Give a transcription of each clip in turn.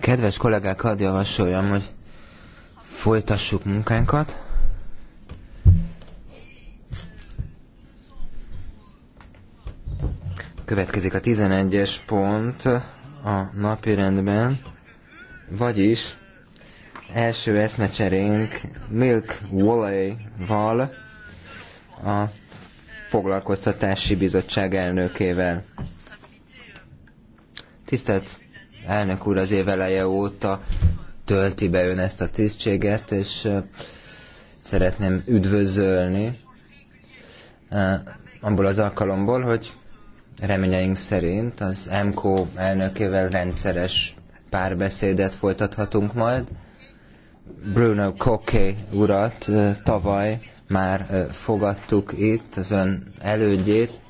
Kedves kollégák, hadd javasoljam, hogy folytassuk munkánkat. Következik a 11-es pont a napirendben, vagyis első eszmecserénk Milk Wallay val a foglalkoztatási bizottság elnökével. Tisztelt elnök úr, az év eleje óta tölti be ön ezt a tisztséget, és szeretném üdvözölni abból az alkalomból, hogy reményeink szerint az MKO elnökével rendszeres párbeszédet folytathatunk majd. Bruno Koké urat tavaly már fogadtuk itt, az ön elődjét,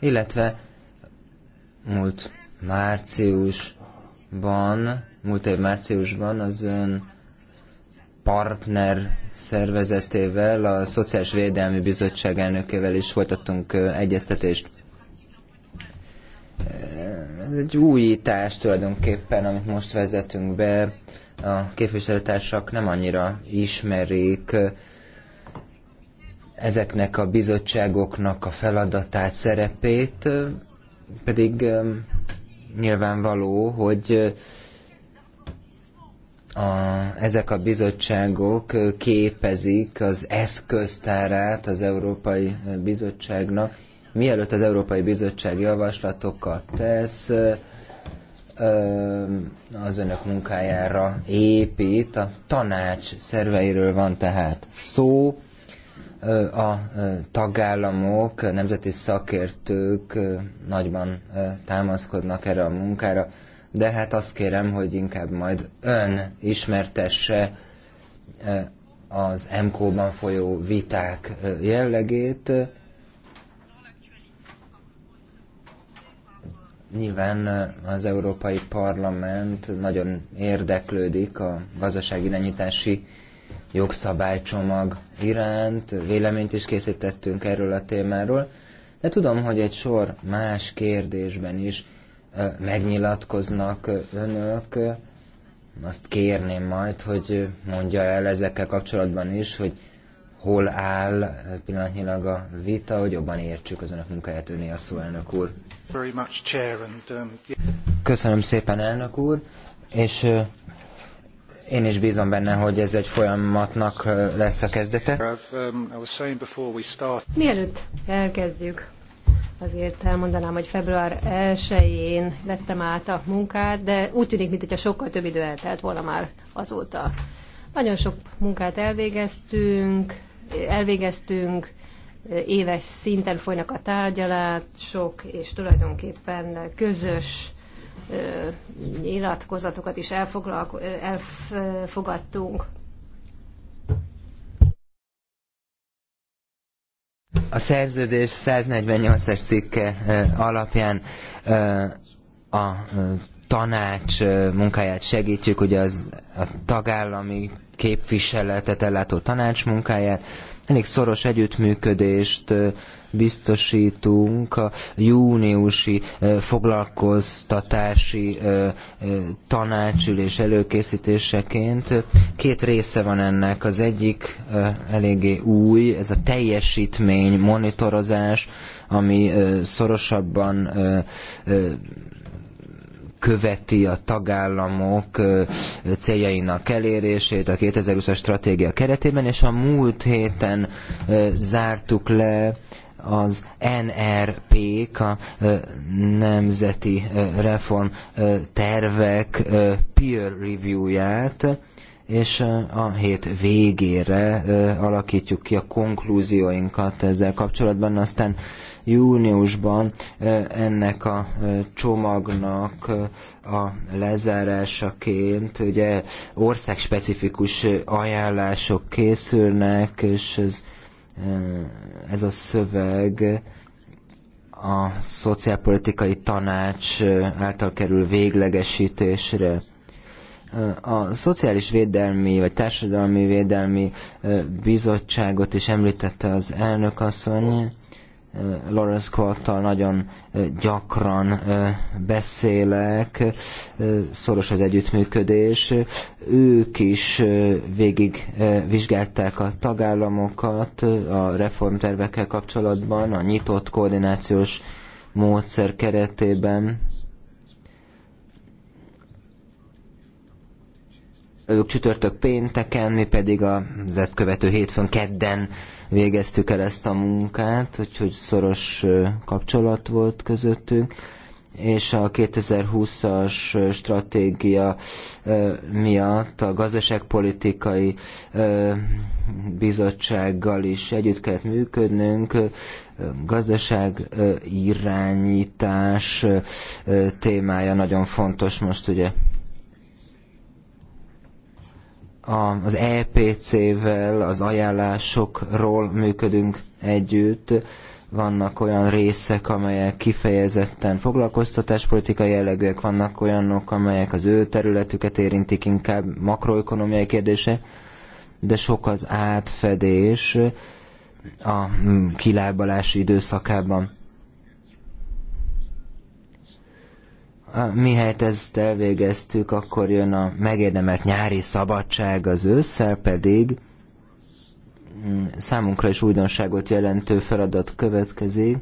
illetve múlt márciusban, múlt év márciusban az ön partner szervezetével, a Szociális Védelmi Bizottság elnökével is folytattunk egyeztetést. Ez egy újítás tulajdonképpen, amit most vezetünk be. A képviselőtársak nem annyira ismerik ezeknek a bizottságoknak a feladatát, szerepét, pedig nyilvánvaló, hogy a, ezek a bizottságok képezik az eszköztárát az Európai Bizottságnak. Mielőtt az Európai Bizottság javaslatokat tesz, az önök munkájára épít. A tanács szerveiről van tehát szó, a tagállamok, nemzeti szakértők nagyban támaszkodnak erre a munkára, de hát azt kérem, hogy inkább majd ön ismertesse az mk ban folyó viták jellegét. Nyilván az Európai Parlament nagyon érdeklődik a gazdaságirányítási irányítási jogszabálycsomag iránt, véleményt is készítettünk erről a témáról, de tudom, hogy egy sor más kérdésben is megnyilatkoznak önök, azt kérném majd, hogy mondja el ezekkel kapcsolatban is, hogy hol áll pillanatnyilag a vita, hogy jobban értsük az önök munkáját, a szó, elnök úr. Um, Köszönöm szépen, elnök úr, és én is bízom benne, hogy ez egy folyamatnak lesz a kezdete. Um, Mielőtt elkezdjük, azért elmondanám, hogy február 1-én vettem át a munkát, de úgy tűnik, mintha sokkal több idő eltelt volna már azóta. Nagyon sok munkát elvégeztünk, elvégeztünk, éves szinten folynak a tárgyalások, és tulajdonképpen közös nyilatkozatokat is elfogadtunk. A szerződés 148-es cikke alapján a tanács munkáját segítjük, ugye az a tagállami képviseletet ellátó tanács munkáját, Elég szoros együttműködést biztosítunk a júniusi foglalkoztatási tanácsülés előkészítéseként. Két része van ennek. Az egyik eléggé új, ez a teljesítmény, monitorozás, ami szorosabban követi a tagállamok céljainak elérését a 2020-as stratégia keretében, és a múlt héten zártuk le az nrp a Nemzeti Reform Tervek peer review-ját, és a hét végére alakítjuk ki a konklúzióinkat ezzel kapcsolatban, aztán júniusban ennek a csomagnak a lezárásaként ugye országspecifikus ajánlások készülnek, és ez, ez a szöveg a szociálpolitikai tanács által kerül véglegesítésre a Szociális Védelmi vagy Társadalmi Védelmi Bizottságot is említette az elnök asszony. Lawrence Quattal nagyon gyakran beszélek, szoros az együttműködés. Ők is végig vizsgálták a tagállamokat a reformtervekkel kapcsolatban, a nyitott koordinációs módszer keretében ők csütörtök pénteken, mi pedig az ezt követő hétfőn kedden végeztük el ezt a munkát, úgyhogy szoros kapcsolat volt közöttünk és a 2020-as stratégia miatt a gazdaságpolitikai bizottsággal is együtt kellett működnünk, gazdaság irányítás témája nagyon fontos most ugye az EPC-vel, az ajánlásokról működünk együtt. Vannak olyan részek, amelyek kifejezetten foglalkoztatáspolitikai jellegűek, vannak olyanok, amelyek az ő területüket érintik, inkább makroökonómiai kérdése, de sok az átfedés a mm, kilábalási időszakában. Mihelyt ezt elvégeztük, akkor jön a megérdemelt nyári szabadság, az ősszel pedig mm, számunkra is újdonságot jelentő feladat következik.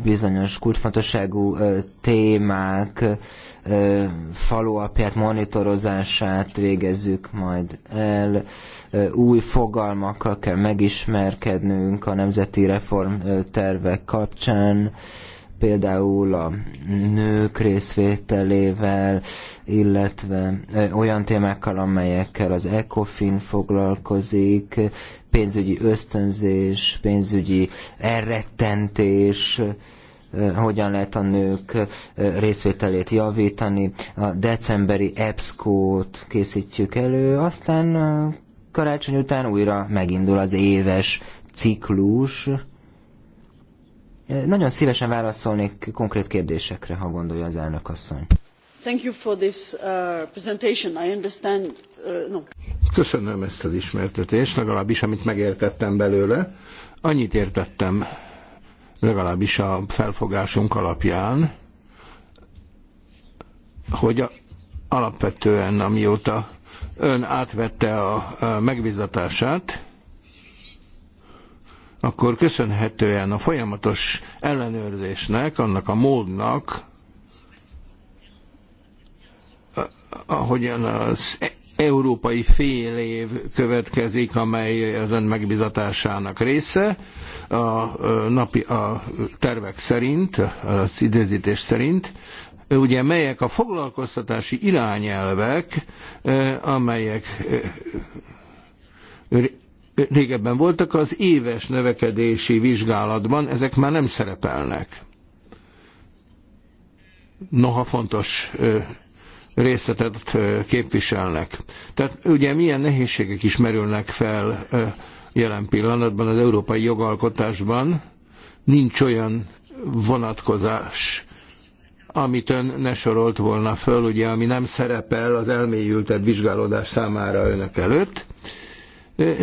bizonyos kulcsfontosságú témák faluapját, monitorozását végezzük majd el. Új fogalmakkal kell megismerkednünk a nemzeti reformtervek kapcsán például a nők részvételével, illetve olyan témákkal, amelyekkel az ECOFIN foglalkozik, pénzügyi ösztönzés, pénzügyi elrettentés, hogyan lehet a nők részvételét javítani. A decemberi EBSCO-t készítjük elő, aztán karácsony után újra megindul az éves ciklus, nagyon szívesen válaszolnék konkrét kérdésekre, ha gondolja az elnök asszony. Thank you for this uh, presentation. I understand, uh, no. Köszönöm ezt az ismertetést, legalábbis amit megértettem belőle. Annyit értettem, legalábbis a felfogásunk alapján, hogy a, alapvetően amióta ön átvette a, a megbizatását, akkor köszönhetően a folyamatos ellenőrzésnek, annak a módnak, ahogyan az európai fél év következik, amely az ön megbizatásának része, a, napi, a tervek szerint, az időzítés szerint, ugye melyek a foglalkoztatási irányelvek, eh, amelyek eh, régebben voltak, az éves növekedési vizsgálatban ezek már nem szerepelnek. Noha fontos részletet képviselnek. Tehát ugye milyen nehézségek is merülnek fel jelen pillanatban az európai jogalkotásban, nincs olyan vonatkozás, amit ön ne sorolt volna föl, ugye, ami nem szerepel az elmélyültebb vizsgálódás számára önök előtt.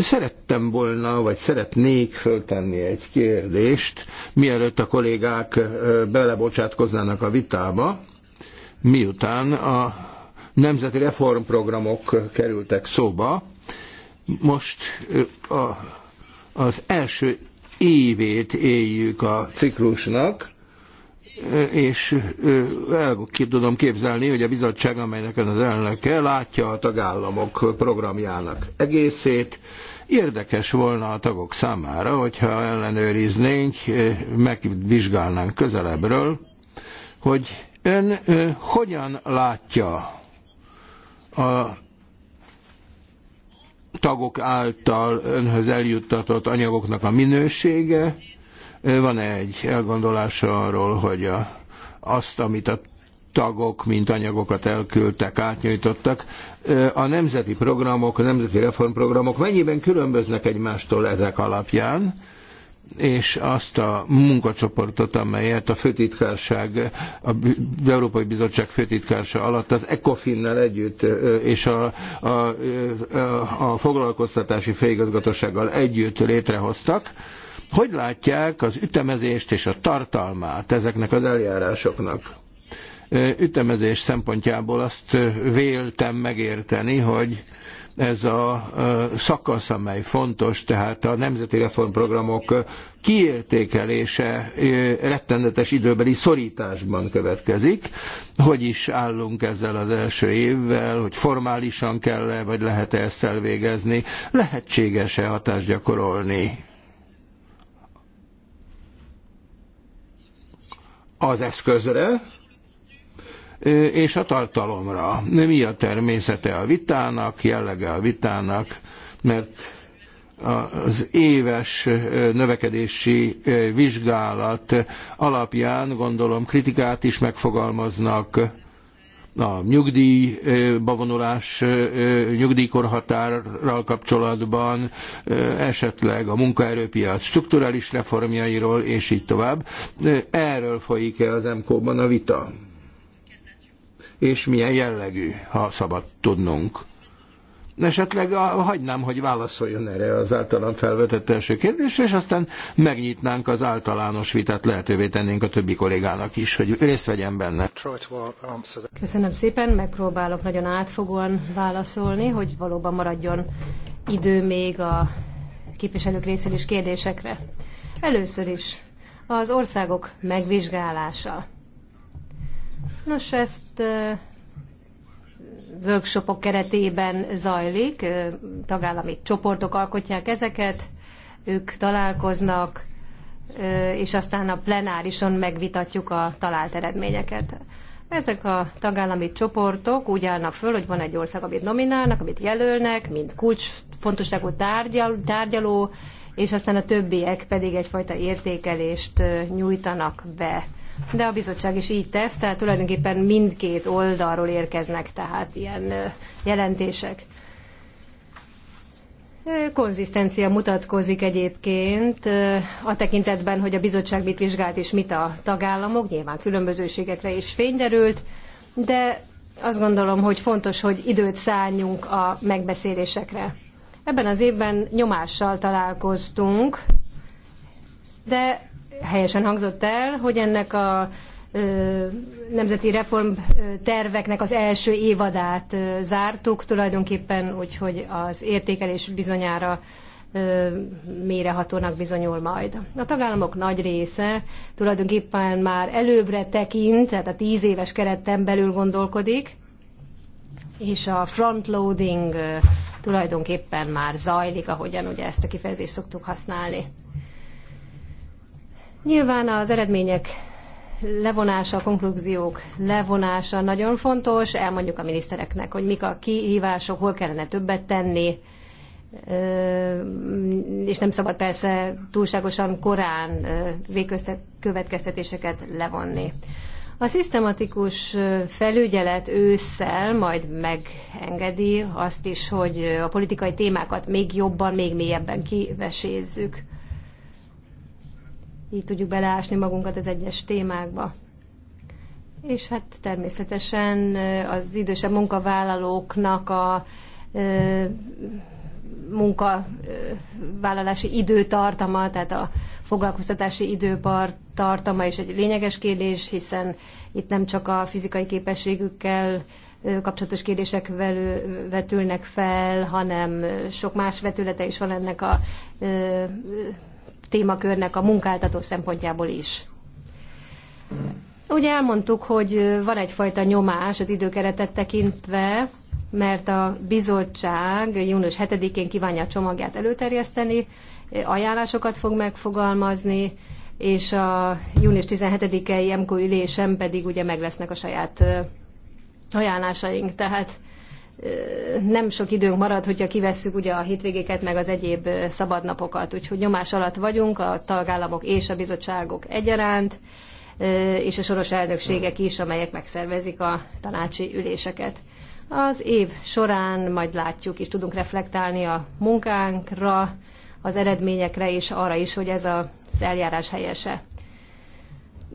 Szerettem volna, vagy szeretnék föltenni egy kérdést, mielőtt a kollégák belebocsátkoznának a vitába, miután a nemzeti reformprogramok kerültek szóba. Most az első évét éljük a ciklusnak, és el tudom képzelni, hogy a bizottság, amelynek ön az elnöke, látja a tagállamok programjának egészét. Érdekes volna a tagok számára, hogyha ellenőriznénk, megvizsgálnánk közelebbről, hogy ön hogyan látja a tagok által önhöz eljuttatott anyagoknak a minősége, van-e egy elgondolása arról, hogy a, azt, amit a tagok, mint anyagokat elküldtek, átnyújtottak. A nemzeti programok, a nemzeti reformprogramok mennyiben különböznek egymástól ezek alapján? és azt a munkacsoportot, amelyet a főtitkárság, az Európai Bizottság főtitkársa alatt az ECOFIN-nel együtt és a, a, a, a foglalkoztatási főigazgatósággal együtt létrehoztak hogy látják az ütemezést és a tartalmát ezeknek az eljárásoknak? Ütemezés szempontjából azt véltem megérteni, hogy ez a szakasz, amely fontos, tehát a nemzeti reformprogramok kiértékelése rettenetes időbeli szorításban következik. Hogy is állunk ezzel az első évvel, hogy formálisan kell-e, vagy lehet-e ezt elvégezni, lehetséges-e hatást gyakorolni az eszközre, és a tartalomra. Mi a természete a vitának, jellege a vitának, mert az éves növekedési vizsgálat alapján gondolom kritikát is megfogalmaznak, a nyugdíjba vonulás, nyugdíjkorhatárral kapcsolatban, esetleg a munkaerőpiac strukturális reformjairól, és így tovább. Erről folyik el az mk ban a vita? És milyen jellegű, ha szabad tudnunk? Esetleg a, hagynám, hogy válaszoljon erre az általán felvetett első kérdésre, és aztán megnyitnánk az általános vitát, lehetővé tennénk a többi kollégának is, hogy részt vegyen benne. Köszönöm szépen, megpróbálok nagyon átfogóan válaszolni, hogy valóban maradjon idő még a képviselők részéről is kérdésekre. Először is az országok megvizsgálása. Nos, ezt workshopok keretében zajlik, tagállami csoportok alkotják ezeket, ők találkoznak, és aztán a plenárison megvitatjuk a talált eredményeket. Ezek a tagállami csoportok úgy állnak föl, hogy van egy ország, amit nominálnak, amit jelölnek, mint kulcs tárgyal, tárgyaló, és aztán a többiek pedig egyfajta értékelést nyújtanak be de a bizottság is így tesz, tehát tulajdonképpen mindkét oldalról érkeznek tehát ilyen jelentések. Konzisztencia mutatkozik egyébként a tekintetben, hogy a bizottság mit vizsgált és mit a tagállamok, nyilván különbözőségekre is fényderült, de azt gondolom, hogy fontos, hogy időt szálljunk a megbeszélésekre. Ebben az évben nyomással találkoztunk, de helyesen hangzott el, hogy ennek a nemzeti reformterveknek az első évadát zártuk tulajdonképpen, úgyhogy az értékelés bizonyára mérehatónak bizonyul majd. A tagállamok nagy része tulajdonképpen már előbbre tekint, tehát a tíz éves keretten belül gondolkodik, és a frontloading tulajdonképpen már zajlik, ahogyan ugye ezt a kifejezést szoktuk használni. Nyilván az eredmények levonása, a konklúziók levonása nagyon fontos. Elmondjuk a minisztereknek, hogy mik a kihívások, hol kellene többet tenni, és nem szabad persze túlságosan korán végkövetkeztetéseket levonni. A szisztematikus felügyelet ősszel majd megengedi azt is, hogy a politikai témákat még jobban, még mélyebben kivesézzük így tudjuk beleásni magunkat az egyes témákba. És hát természetesen az idősebb munkavállalóknak a munkavállalási időtartama, tehát a foglalkoztatási tartama is egy lényeges kérdés, hiszen itt nem csak a fizikai képességükkel kapcsolatos kérdések velő, vetülnek fel, hanem sok más vetülete is van ennek a témakörnek a munkáltató szempontjából is. Ugye elmondtuk, hogy van egyfajta nyomás az időkeretet tekintve, mert a bizottság június 7-én kívánja a csomagját előterjeszteni, ajánlásokat fog megfogalmazni, és a június 17-i MKU ülésen pedig ugye meg lesznek a saját ajánlásaink. Tehát nem sok időnk marad, hogyha kivesszük ugye a hétvégéket, meg az egyéb szabadnapokat. Úgyhogy nyomás alatt vagyunk, a tagállamok és a bizottságok egyaránt, és a soros elnökségek is, amelyek megszervezik a tanácsi üléseket. Az év során majd látjuk és tudunk reflektálni a munkánkra, az eredményekre és arra is, hogy ez az eljárás helyese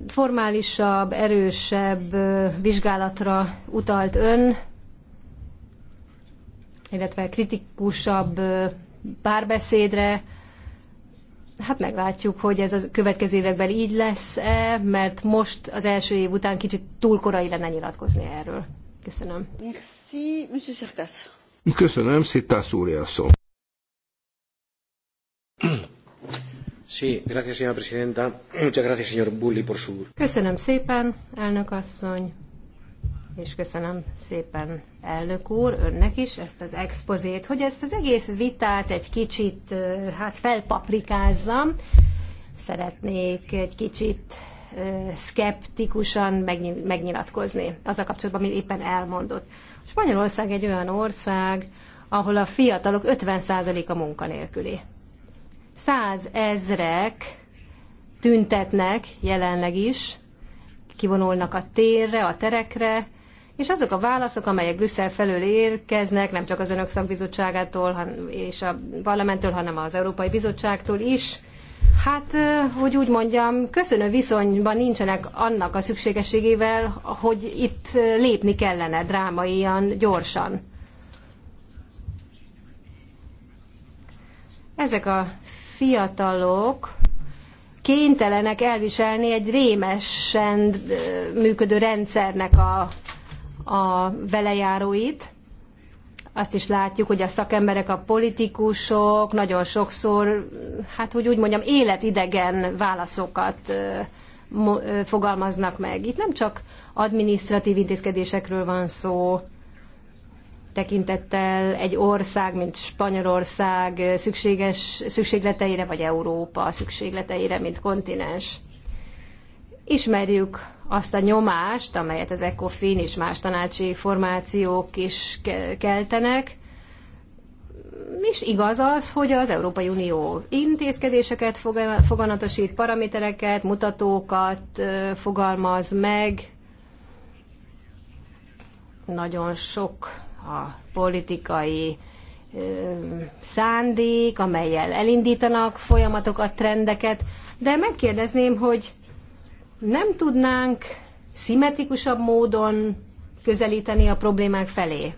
formálisabb, erősebb vizsgálatra utalt ön, illetve kritikusabb párbeszédre. Hát meglátjuk, hogy ez a következő években így lesz-e, mert most az első év után kicsit túl korai lenne nyilatkozni erről. Köszönöm. Köszönöm, Szittász úr, a szó. Sí, gracias, señora presidenta. Muchas gracias, señor Bulli, por su... Köszönöm szépen, elnök asszony és köszönöm szépen, elnök úr, önnek is ezt az expozét, hogy ezt az egész vitát egy kicsit hát felpaprikázzam. Szeretnék egy kicsit szkeptikusan megnyilatkozni az a kapcsolatban, amit éppen elmondott. Spanyolország egy olyan ország, ahol a fiatalok 50%-a munkanélküli. Százezrek tüntetnek jelenleg is, kivonulnak a térre, a terekre, és azok a válaszok, amelyek Brüsszel felől érkeznek, nem csak az önök szakbizottságától és a parlamenttől, hanem az Európai Bizottságtól is, hát, hogy úgy mondjam, köszönő viszonyban nincsenek annak a szükségességével, hogy itt lépni kellene drámaian, gyorsan. Ezek a fiatalok kénytelenek elviselni egy rémesen működő rendszernek a a velejáróit. Azt is látjuk, hogy a szakemberek, a politikusok nagyon sokszor, hát hogy úgy mondjam, életidegen válaszokat fogalmaznak meg. Itt nem csak administratív intézkedésekről van szó, tekintettel egy ország, mint Spanyolország szükséges, szükségleteire, vagy Európa szükségleteire, mint kontinens. Ismerjük azt a nyomást, amelyet az ECOFIN és más tanácsi formációk is keltenek, és igaz az, hogy az Európai Unió intézkedéseket foganatosít, paramétereket, mutatókat fogalmaz meg. Nagyon sok a politikai szándék, amelyel elindítanak folyamatokat, trendeket, de megkérdezném, hogy nem tudnánk szimmetrikusabb módon közelíteni a problémák felé.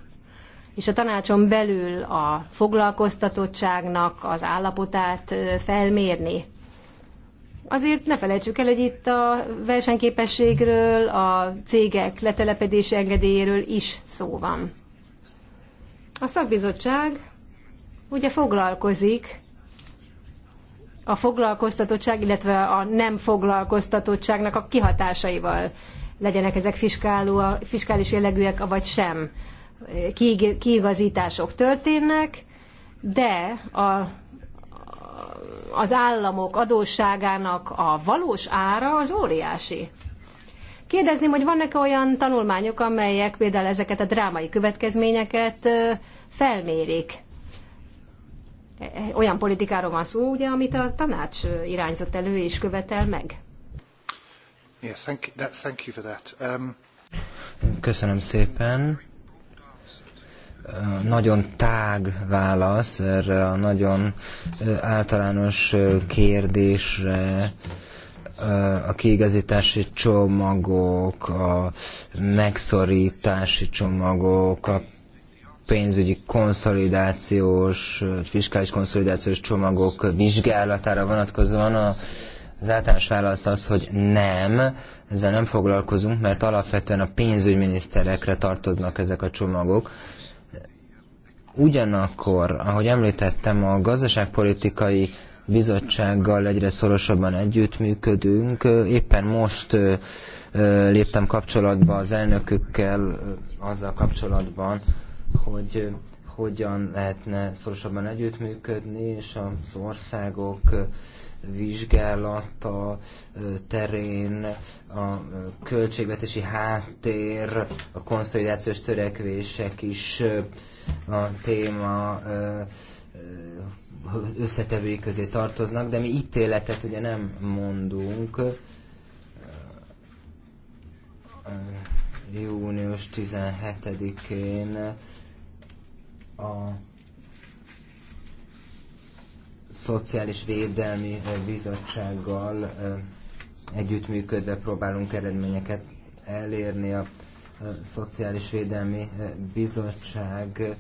És a tanácson belül a foglalkoztatottságnak az állapotát felmérni. Azért ne felejtsük el, hogy itt a versenyképességről, a cégek letelepedési engedélyéről is szó van. A szakbizottság ugye foglalkozik a foglalkoztatottság, illetve a nem foglalkoztatottságnak a kihatásaival legyenek ezek fiskáló, fiskális jellegűek, vagy sem. Kiig, kiigazítások történnek, de a, az államok adósságának a valós ára az óriási. Kérdezném, hogy vannak -e olyan tanulmányok, amelyek például ezeket a drámai következményeket felmérik olyan politikáról van szó, ugye, amit a tanács irányzott elő és követel meg. Yes, thank that, thank you for that. Um... Köszönöm szépen. Uh, nagyon tág válasz erre a nagyon uh, általános uh, kérdésre a kiigazítási csomagok, a megszorítási csomagok, a pénzügyi konszolidációs, fiskális konszolidációs csomagok vizsgálatára vonatkozóan a az általános válasz az, hogy nem, ezzel nem foglalkozunk, mert alapvetően a pénzügyminiszterekre tartoznak ezek a csomagok. Ugyanakkor, ahogy említettem, a gazdaságpolitikai bizottsággal egyre szorosabban együttműködünk. Éppen most léptem kapcsolatba az elnökükkel azzal kapcsolatban, hogy hogyan lehetne szorosabban együttműködni, és az országok vizsgálata terén, a költségvetési háttér, a konszolidációs törekvések is a téma összetevői közé tartoznak, de mi ítéletet ugye nem mondunk június 17-én a Szociális Védelmi Bizottsággal együttműködve próbálunk eredményeket elérni. A Szociális Védelmi Bizottság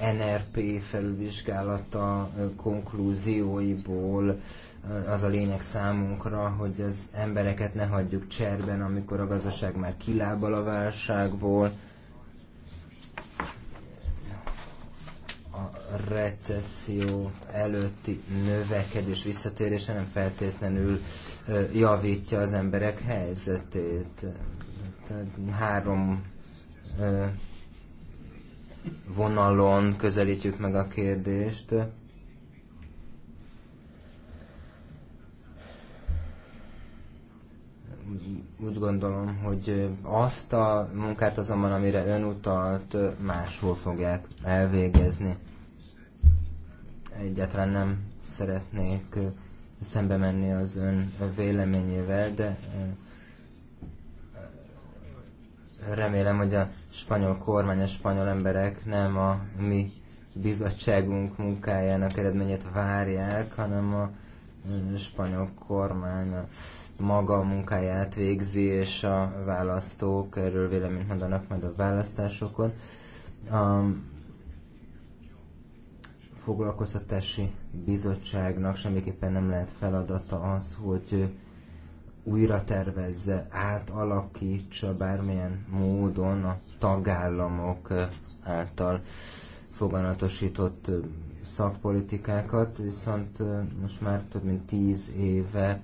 NRP felülvizsgálata konklúzióiból az a lényeg számunkra, hogy az embereket ne hagyjuk cserben, amikor a gazdaság már kilábal a válságból, a recesszió előtti növekedés visszatérése nem feltétlenül javítja az emberek helyzetét. Tehát három vonalon közelítjük meg a kérdést. Úgy gondolom, hogy azt a munkát azonban, amire ön utalt, máshol fogják elvégezni. Egyáltalán nem szeretnék szembe menni az ön véleményével, de remélem, hogy a spanyol kormány, a spanyol emberek nem a mi bizottságunk munkájának eredményét várják, hanem a mm, spanyol kormány a maga munkáját végzi, és a választók erről véleményt mondanak majd a választásokon. A foglalkoztatási bizottságnak semmiképpen nem lehet feladata az, hogy újra tervezze, átalakítsa bármilyen módon a tagállamok által foganatosított szakpolitikákat, viszont most már több mint tíz éve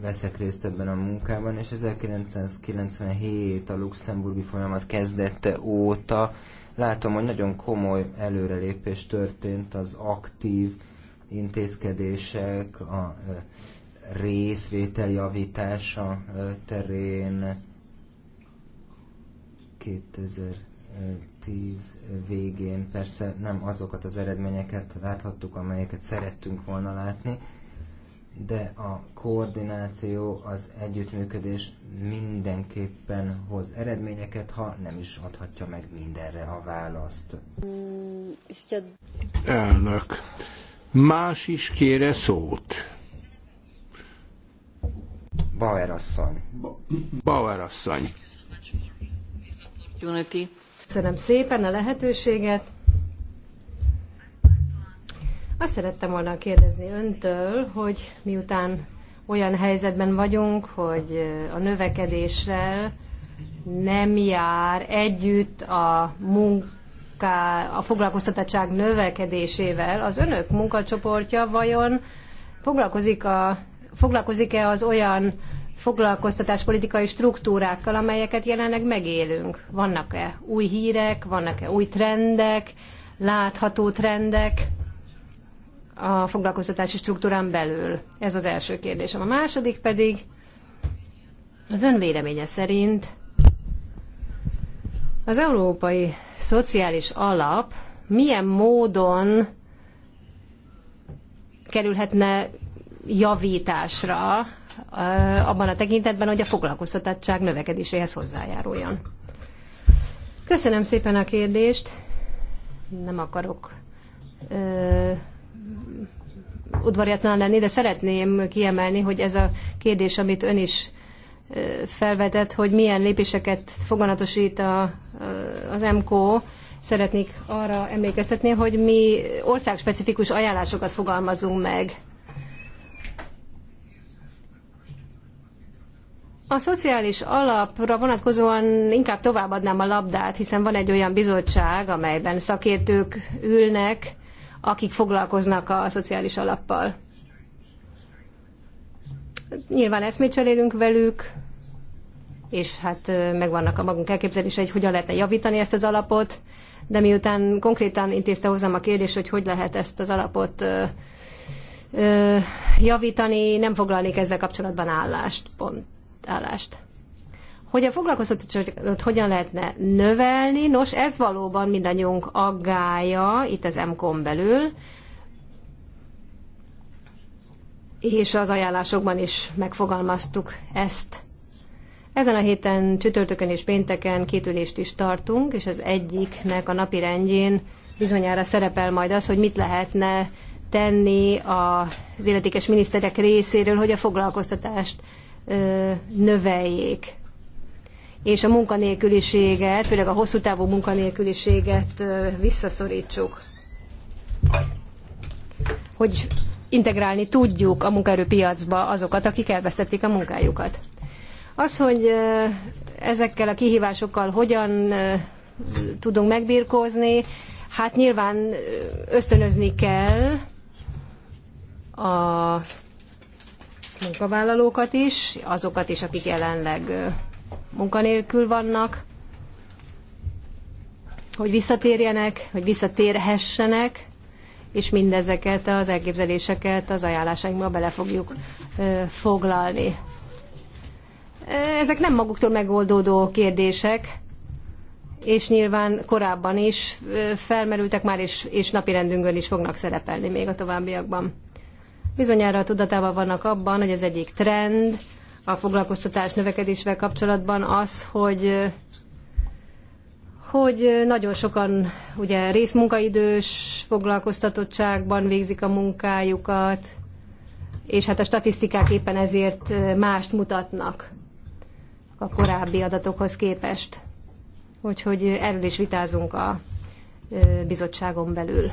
veszek részt ebben a munkában, és 1997 a luxemburgi folyamat kezdette óta látom, hogy nagyon komoly előrelépés történt az aktív intézkedések, a részvétel javítása terén 2010 végén persze nem azokat az eredményeket láthattuk, amelyeket szerettünk volna látni, de a koordináció, az együttműködés mindenképpen hoz eredményeket, ha nem is adhatja meg mindenre a választ. Mm, Elnök, más is kére szót. Bauer asszony. Bauer asszony. Köszönöm szépen a lehetőséget. Azt szerettem volna kérdezni öntől, hogy miután olyan helyzetben vagyunk, hogy a növekedéssel nem jár együtt a munká, a foglalkoztatottság növekedésével, az önök munkacsoportja vajon foglalkozik a foglalkozik-e az olyan foglalkoztatáspolitikai struktúrákkal, amelyeket jelenleg megélünk? Vannak-e új hírek, vannak-e új trendek, látható trendek a foglalkoztatási struktúrán belül? Ez az első kérdésem. A második pedig az ön véleménye szerint az Európai Szociális Alap milyen módon kerülhetne javításra eh, abban a tekintetben, hogy a foglalkoztatottság növekedéséhez hozzájáruljon. Köszönöm szépen a kérdést. Nem akarok ö, eh, udvariatlan lenni, de szeretném kiemelni, hogy ez a kérdés, amit ön is eh, felvetett, hogy milyen lépéseket foganatosít a, az MKO, szeretnék arra emlékeztetni, hogy mi országspecifikus ajánlásokat fogalmazunk meg A szociális alapra vonatkozóan inkább továbbadnám a labdát, hiszen van egy olyan bizottság, amelyben szakértők ülnek, akik foglalkoznak a szociális alappal. Nyilván eszmét cserélünk velük, és hát megvannak a magunk elképzelései, hogy hogyan lehetne javítani ezt az alapot, de miután konkrétan intézte hozzám a kérdést, hogy hogy lehet ezt az alapot ö, ö, javítani, nem foglalnék ezzel kapcsolatban állást, pont állást. Hogy a foglalkoztatottságot hogyan lehetne növelni? Nos, ez valóban mindannyiunk aggája itt az MKON belül, és az ajánlásokban is megfogalmaztuk ezt. Ezen a héten csütörtökön és pénteken két ülést is tartunk, és az egyiknek a napi rendjén bizonyára szerepel majd az, hogy mit lehetne tenni az illetékes miniszterek részéről, hogy a foglalkoztatást növeljék. És a munkanélküliséget, főleg a hosszú távú munkanélküliséget visszaszorítsuk. Hogy integrálni tudjuk a munkaerőpiacba azokat, akik elvesztették a munkájukat. Az, hogy ezekkel a kihívásokkal hogyan tudunk megbirkózni, hát nyilván ösztönözni kell a munkavállalókat is, azokat is, akik jelenleg munkanélkül vannak, hogy visszatérjenek, hogy visszatérhessenek, és mindezeket az elképzeléseket az ajánlásainkba bele fogjuk foglalni. Ezek nem maguktól megoldódó kérdések, és nyilván korábban is felmerültek már, és, és napirendünkön is fognak szerepelni még a továbbiakban. Bizonyára tudatában vannak abban, hogy az egyik trend a foglalkoztatás növekedésével kapcsolatban az, hogy hogy nagyon sokan ugye részmunkaidős foglalkoztatottságban végzik a munkájukat, és hát a statisztikák éppen ezért mást mutatnak a korábbi adatokhoz képest. Úgyhogy erről is vitázunk a bizottságon belül.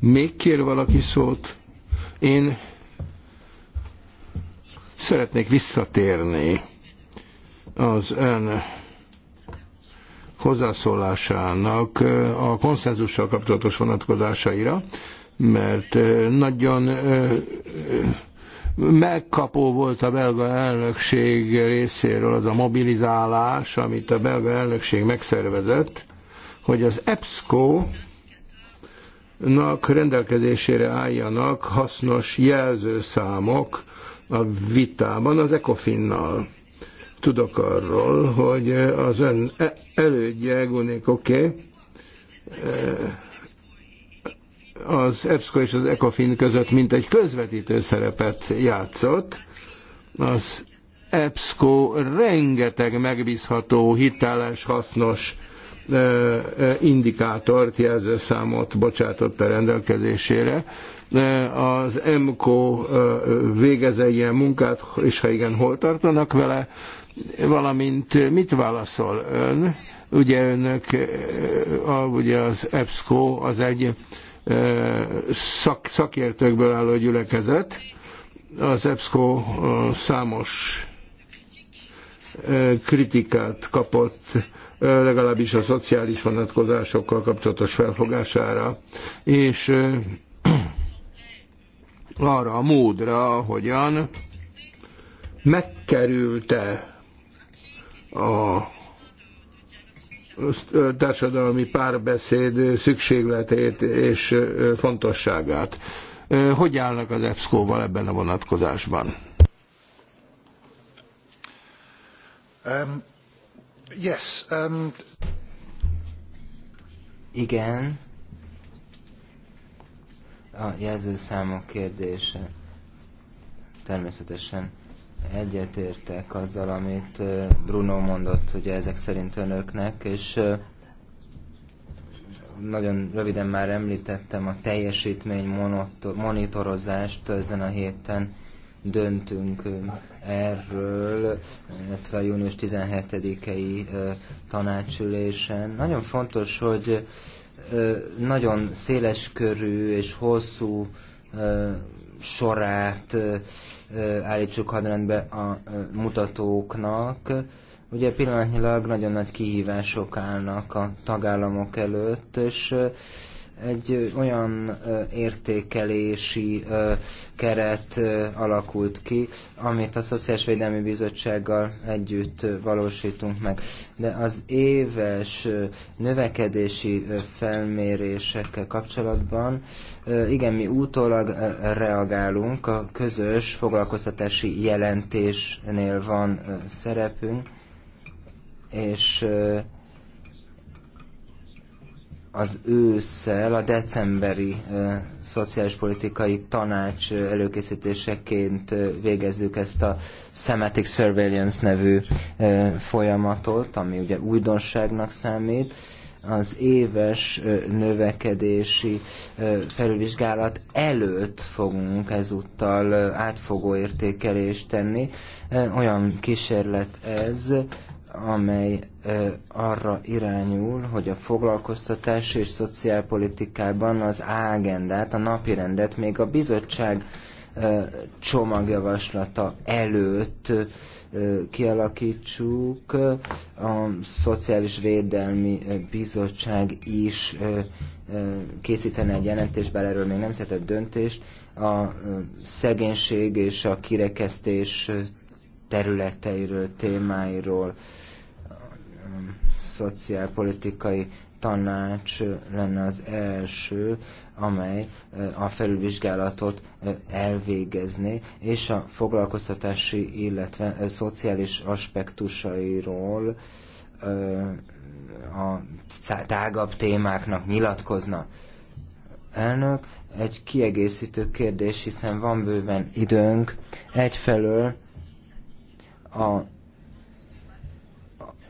Még kér valaki szót? Én szeretnék visszatérni az ön hozzászólásának a konszenzussal kapcsolatos vonatkozásaira, mert nagyon megkapó volt a belga elnökség részéről az a mobilizálás, amit a belga elnökség megszervezett, hogy az EPSCO nak rendelkezésére álljanak hasznos jelzőszámok a vitában az ECOFIN-nal. Tudok arról, hogy az ön e- elődje, Gunik, oké, okay, eh, az EBSCO és az ECOFIN között mint egy közvetítő szerepet játszott. Az EBSCO rengeteg megbízható, hiteles, hasznos indikátort, jelzőszámot bocsátott a rendelkezésére. Az MKO végeze ilyen munkát, és ha igen, hol tartanak vele, valamint mit válaszol ön? Ugye önök, a, ugye az EBSCO az egy szak, szakértőkből álló gyülekezet, az EBSCO számos kritikát kapott legalábbis a szociális vonatkozásokkal kapcsolatos felfogására, és arra a módra, hogyan megkerülte a társadalmi párbeszéd szükségletét és fontosságát. Hogy állnak az EBSZKÓ-val ebben a vonatkozásban? Um. Yes. Um... Igen. A jelzőszámok kérdése. Természetesen egyetértek azzal, amit Bruno mondott, hogy ezek szerint önöknek, és nagyon röviden már említettem a teljesítmény monitorozást ezen a héten döntünk erről, illetve június 17-i tanácsülésen. Nagyon fontos, hogy nagyon széleskörű és hosszú sorát állítsuk hadrendbe a mutatóknak. Ugye pillanatnyilag nagyon nagy kihívások állnak a tagállamok előtt, és egy olyan értékelési keret alakult ki, amit a Szociális Védelmi Bizottsággal együtt valósítunk meg. De az éves növekedési felmérésekkel kapcsolatban igen, mi útólag reagálunk, a közös foglalkoztatási jelentésnél van szerepünk, és az ősszel a decemberi szociális politikai tanács előkészítéseként végezzük ezt a semantic Surveillance nevű folyamatot, ami ugye újdonságnak számít az éves növekedési felülvizsgálat előtt fogunk ezúttal átfogó értékelést tenni. Olyan kísérlet ez, amely arra irányul, hogy a foglalkoztatás és szociálpolitikában az ágendát, a rendet még a bizottság csomagjavaslata előtt kialakítsuk. A Szociális Védelmi Bizottság is készítene egy jelentést, bár erről még nem született döntést, a szegénység és a kirekesztés területeiről, témáiról Um, szociálpolitikai tanács lenne az első, amely uh, a felülvizsgálatot uh, elvégezné, és a foglalkoztatási, illetve a uh, szociális aspektusairól a tágabb témáknak nyilatkozna. Elnök, egy kiegészítő kérdés, hiszen van bőven időnk. Egyfelől a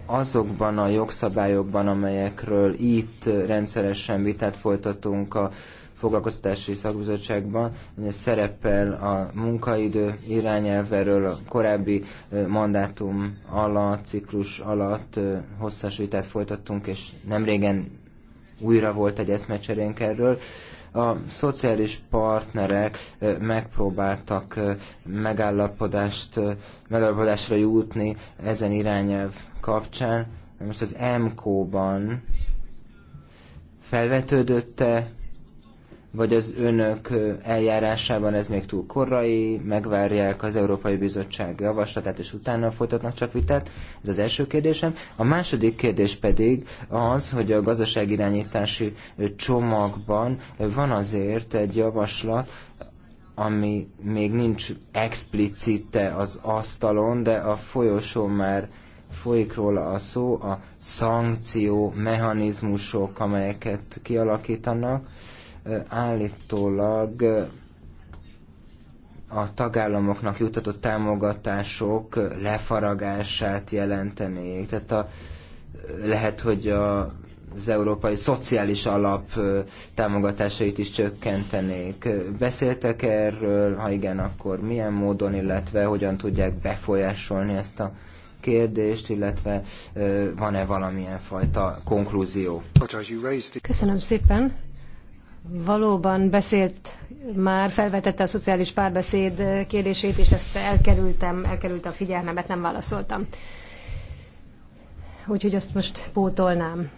azokban a jogszabályokban, amelyekről itt rendszeresen vitát folytatunk a foglalkoztatási szakbizottságban, szerepel a munkaidő irányelveről a korábbi mandátum alatt, ciklus alatt hosszas vitát folytattunk, és nem régen újra volt egy eszmecserénk erről. A szociális partnerek megpróbáltak megállapodást, megállapodásra jutni ezen irányelv kapcsán. Most az MK-ban felvetődötte vagy az önök eljárásában ez még túl korai, megvárják az Európai Bizottság javaslatát, és utána folytatnak csak vitát? Ez az első kérdésem. A második kérdés pedig az, hogy a gazdaságirányítási csomagban van azért egy javaslat, ami még nincs explicite az asztalon, de a folyosó már folyik róla a szó, a szankció mechanizmusok, amelyeket kialakítanak állítólag a tagállamoknak jutatott támogatások lefaragását jelentenék. Tehát a, lehet, hogy a, az európai szociális alap támogatásait is csökkentenék. Beszéltek erről, ha igen, akkor milyen módon, illetve hogyan tudják befolyásolni ezt a kérdést, illetve van-e valamilyen fajta konklúzió? Köszönöm szépen valóban beszélt már felvetette a szociális párbeszéd kérdését, és ezt elkerültem, elkerült a figyelmemet, nem válaszoltam. Úgyhogy azt most pótolnám.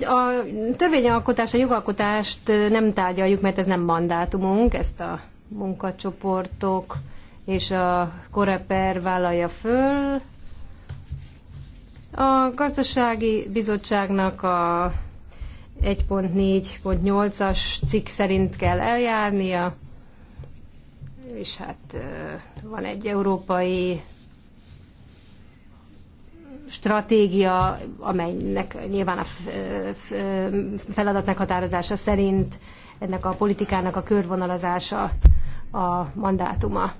A törvényalkotás a jogalkotást nem tárgyaljuk, mert ez nem mandátumunk, ezt a munkacsoportok és a koreper vállalja föl. A gazdasági bizottságnak a 1.4.8-as cikk szerint kell eljárnia, és hát van egy európai stratégia, amelynek nyilván a feladat meghatározása szerint ennek a politikának a körvonalazása a mandátuma.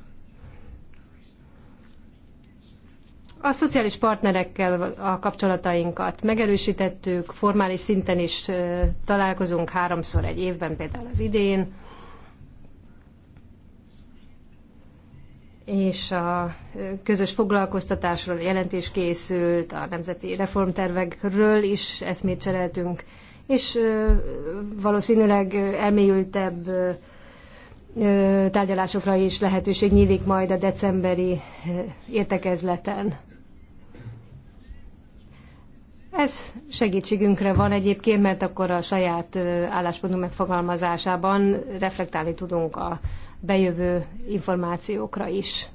A szociális partnerekkel a kapcsolatainkat megerősítettük, formális szinten is találkozunk háromszor egy évben, például az idén. és a közös foglalkoztatásról jelentés készült, a nemzeti reformtervekről is eszmét cseréltünk, és valószínűleg elmélyültebb tárgyalásokra is lehetőség nyílik majd a decemberi értekezleten. Ez segítségünkre van egyébként, mert akkor a saját álláspontunk megfogalmazásában reflektálni tudunk a bejövő információkra is.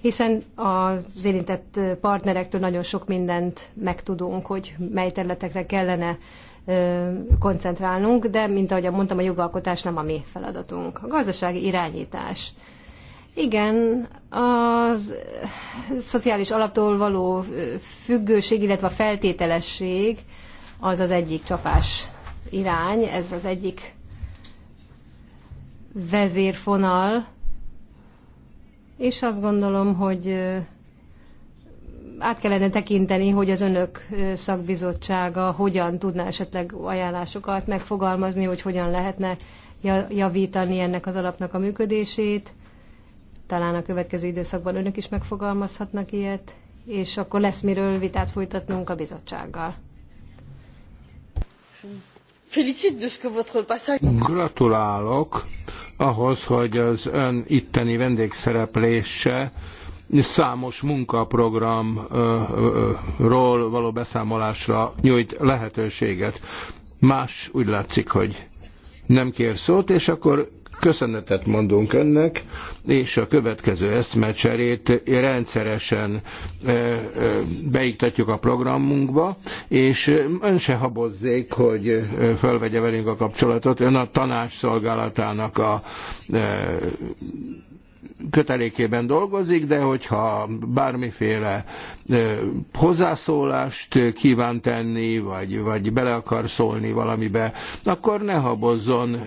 Hiszen az érintett partnerektől nagyon sok mindent megtudunk, hogy mely területekre kellene koncentrálnunk, de mint ahogy mondtam, a jogalkotás nem a mi feladatunk. A gazdasági irányítás. Igen, a eh, szociális alaptól való eh, függőség, illetve a feltételesség az az egyik csapás irány, ez az egyik vezérfonal, és azt gondolom, hogy eh, át kellene tekinteni, hogy az önök szakbizottsága hogyan tudná esetleg ajánlásokat megfogalmazni, hogy hogyan lehetne javítani ennek az alapnak a működését talán a következő időszakban önök is megfogalmazhatnak ilyet, és akkor lesz miről vitát folytatnunk a bizottsággal. Gratulálok ahhoz, hogy az ön itteni vendégszereplése számos munkaprogramról való beszámolásra nyújt lehetőséget. Más úgy látszik, hogy nem kér szót, és akkor köszönetet mondunk önnek, és a következő eszmecserét rendszeresen eh, eh, beiktatjuk a programunkba, és ön se habozzék, hogy eh, fölvegye velünk a kapcsolatot. Ön a tanács szolgálatának a kötelékében dolgozik, de hogyha bármiféle hozzászólást kíván tenni, vagy, vagy bele akar szólni valamibe, akkor ne habozzon,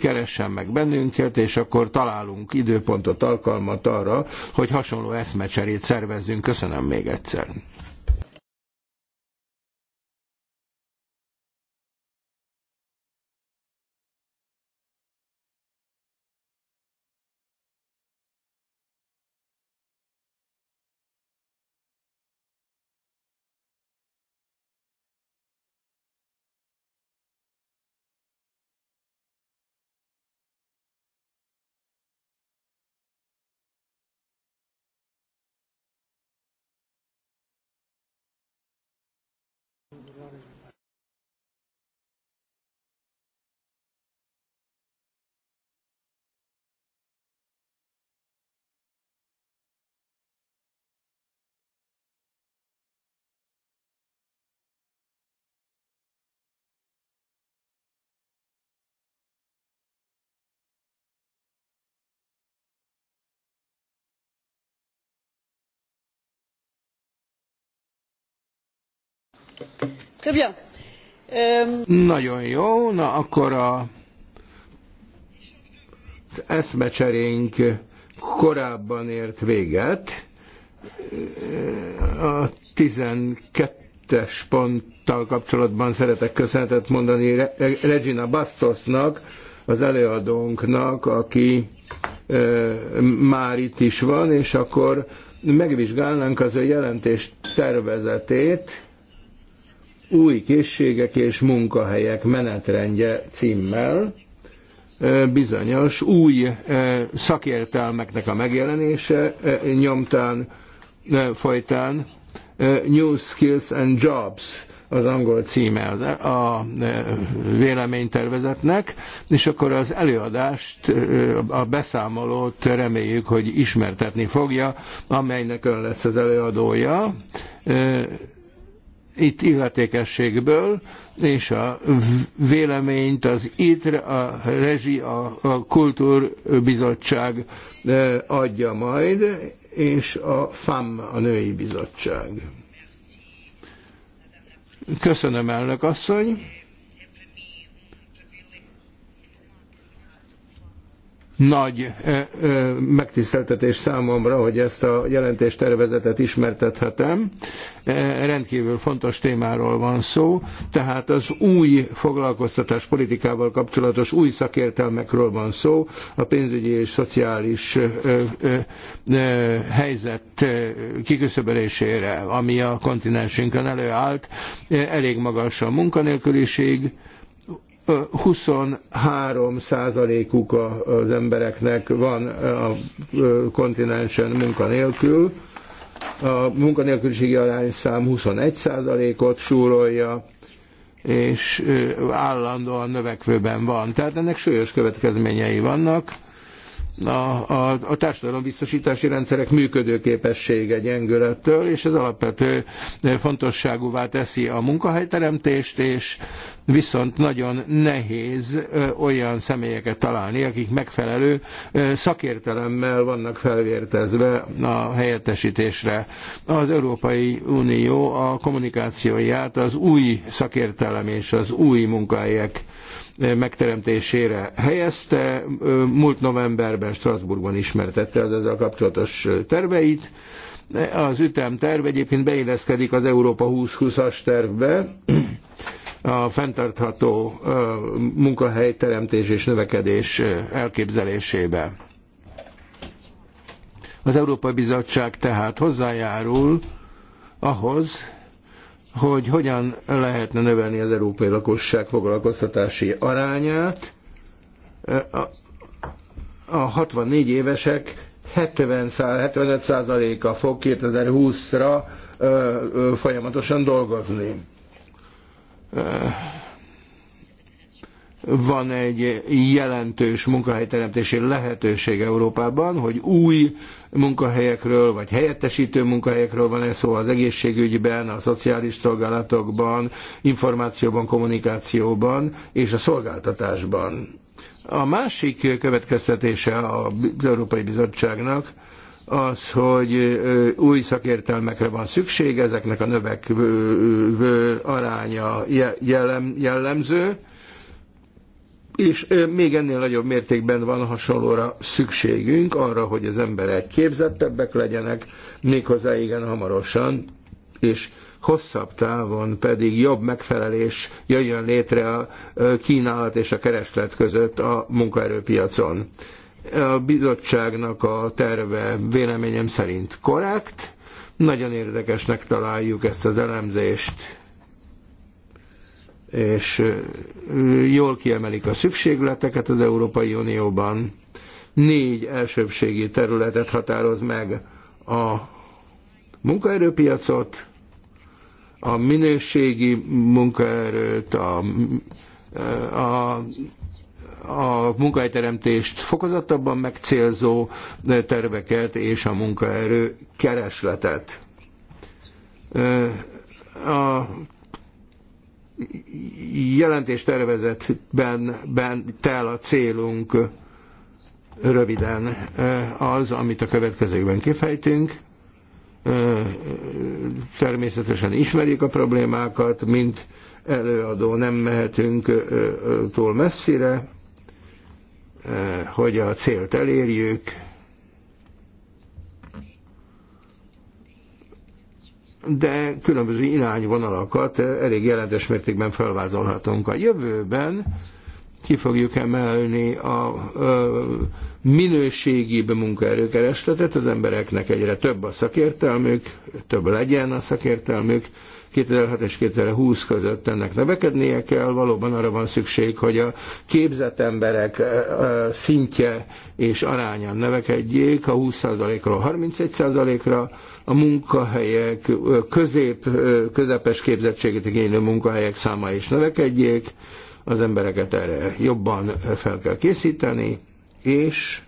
keressen meg bennünket, és akkor találunk időpontot, alkalmat arra, hogy hasonló eszmecserét szervezzünk. Köszönöm még egyszer. Très bien. Euh, Nagyon jó, na akkor a eszmecserénk korábban ért véget. A 12-es ponttal kapcsolatban szeretek köszönetet mondani Regina Bastosnak, az előadónknak, aki már itt is van, és akkor megvizsgálnánk az ő jelentés tervezetét, új készségek és munkahelyek menetrendje címmel bizonyos új szakértelmeknek a megjelenése nyomtán folytán New Skills and Jobs az angol címe a véleménytervezetnek, és akkor az előadást, a beszámolót reméljük, hogy ismertetni fogja, amelynek ön lesz az előadója itt illetékességből, és a véleményt az itt e, a Rezsi, a, a Kultúrbizottság e, adja majd, és a FAM, a Női Bizottság. Köszönöm, elnök asszony! nagy megtiszteltetés számomra, hogy ezt a jelentéstervezetet ismertethetem. Rendkívül fontos témáról van szó, tehát az új foglalkoztatás politikával kapcsolatos új szakértelmekről van szó, a pénzügyi és szociális helyzet kiküszöbölésére, ami a kontinensünkön előállt, elég magas a munkanélküliség, 23 százalékuk az embereknek van a kontinensen munkanélkül, a munkanélküliségi arányszám 21 százalékot súrolja, és állandóan növekvőben van. Tehát ennek súlyos következményei vannak a, a, a társadalombiztosítási rendszerek működőképessége gyengül ettől, és ez alapvető fontosságúvá teszi a munkahelyteremtést, és viszont nagyon nehéz olyan személyeket találni, akik megfelelő szakértelemmel vannak felvértezve a helyettesítésre. Az Európai Unió a kommunikációját az új szakértelem és az új munkahelyek megteremtésére helyezte. Múlt novemberben Strasbourgban ismertette az ezzel kapcsolatos terveit. Az ütemterv egyébként beilleszkedik az Európa 2020-as tervbe, a fenntartható munkahelyteremtés és növekedés elképzelésébe. Az Európai Bizottság tehát hozzájárul ahhoz, hogy hogyan lehetne növelni az európai lakosság foglalkoztatási arányát. A 64 évesek 70-75%-a fog 2020-ra folyamatosan dolgozni van egy jelentős munkahelyteremtési lehetőség Európában, hogy új munkahelyekről, vagy helyettesítő munkahelyekről van ez szó az egészségügyben, a szociális szolgálatokban, információban, kommunikációban és a szolgáltatásban. A másik következtetése az Európai Bizottságnak, az, hogy új szakértelmekre van szükség, ezeknek a növekvő aránya jellemző, és még ennél nagyobb mértékben van hasonlóra szükségünk arra, hogy az emberek képzettebbek legyenek, méghozzá igen hamarosan, és hosszabb távon pedig jobb megfelelés jöjjön létre a kínálat és a kereslet között a munkaerőpiacon. A bizottságnak a terve véleményem szerint korrekt, nagyon érdekesnek találjuk ezt az elemzést és jól kiemelik a szükségleteket az Európai Unióban. Négy elsőbségi területet határoz meg a munkaerőpiacot, a minőségi munkaerőt, a, a a munkahelyteremtést fokozottabban megcélzó terveket és a munkaerő keresletet. A jelentéstervezetben ben, tel a célunk röviden az, amit a következőkben kifejtünk. Természetesen ismerjük a problémákat, mint előadó nem mehetünk túl messzire, hogy a célt elérjük, de különböző irányvonalakat elég jelentős mértékben felvázolhatunk. A jövőben ki fogjuk emelni a minőségi munkaerőkeresletet, az embereknek egyre több a szakértelmük, több legyen a szakértelmük, 2006 és 2020 között ennek nevekednie kell, valóban arra van szükség, hogy a képzett emberek szintje és aránya növekedjék a 20%-ról 31%-ra, a munkahelyek közép, közepes képzettséget igénylő munkahelyek száma is növekedjék, az embereket erre jobban fel kell készíteni, és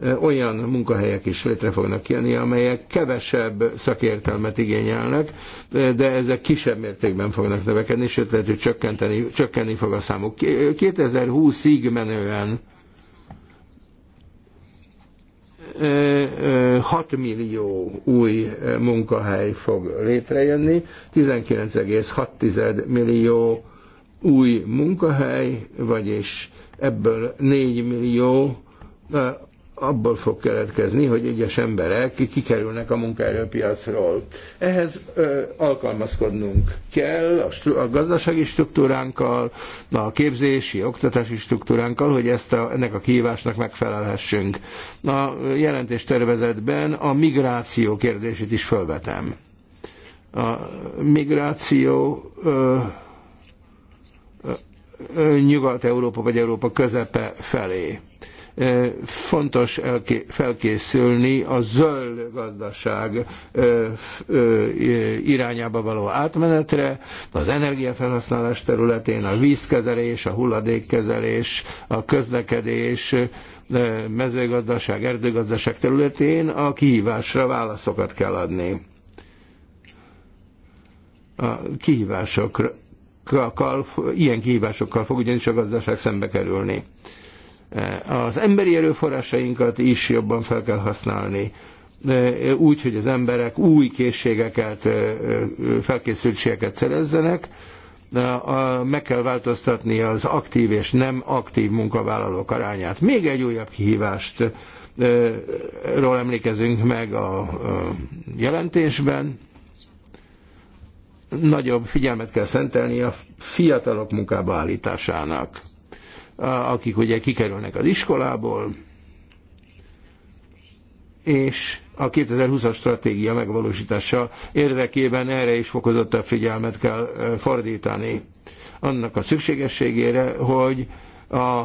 eh, olyan munkahelyek is létre fognak jönni, amelyek kevesebb szakértelmet igényelnek, eh, de ezek kisebb mértékben fognak növekedni, sőt lehet, hogy csökkenteni, csökkenni fog a számuk. 2020-ig eh, menően 6 millió új munkahely fog létrejönni, 19,6 millió új munkahely, vagyis ebből 4 millió abból fog keletkezni, hogy egyes emberek kikerülnek a munkaerőpiacról. Ehhez ö, alkalmazkodnunk kell a, stru- a gazdasági struktúránkkal, a képzési, oktatási struktúránkkal, hogy ezt a, ennek a kihívásnak megfelelhessünk. A jelentéstervezetben a migráció kérdését is felvetem. A migráció ö, Nyugat-Európa vagy Európa közepe felé. Fontos felkészülni a zöld gazdaság irányába való átmenetre, az energiafelhasználás területén, a vízkezelés, a hulladékkezelés, a közlekedés, mezőgazdaság, erdőgazdaság területén a kihívásra válaszokat kell adni a kihívásokra kihívásokkal, ilyen kihívásokkal fog ugyanis a gazdaság szembe kerülni. Az emberi erőforrásainkat is jobban fel kell használni úgy, hogy az emberek új készségeket, felkészültségeket szerezzenek, meg kell változtatni az aktív és nem aktív munkavállalók arányát. Még egy újabb kihívást e, ról emlékezünk meg a e, jelentésben nagyobb figyelmet kell szentelni a fiatalok munkába állításának, akik ugye kikerülnek az iskolából, és a 2020-as stratégia megvalósítása érdekében erre is fokozottabb figyelmet kell fordítani. Annak a szükségességére, hogy a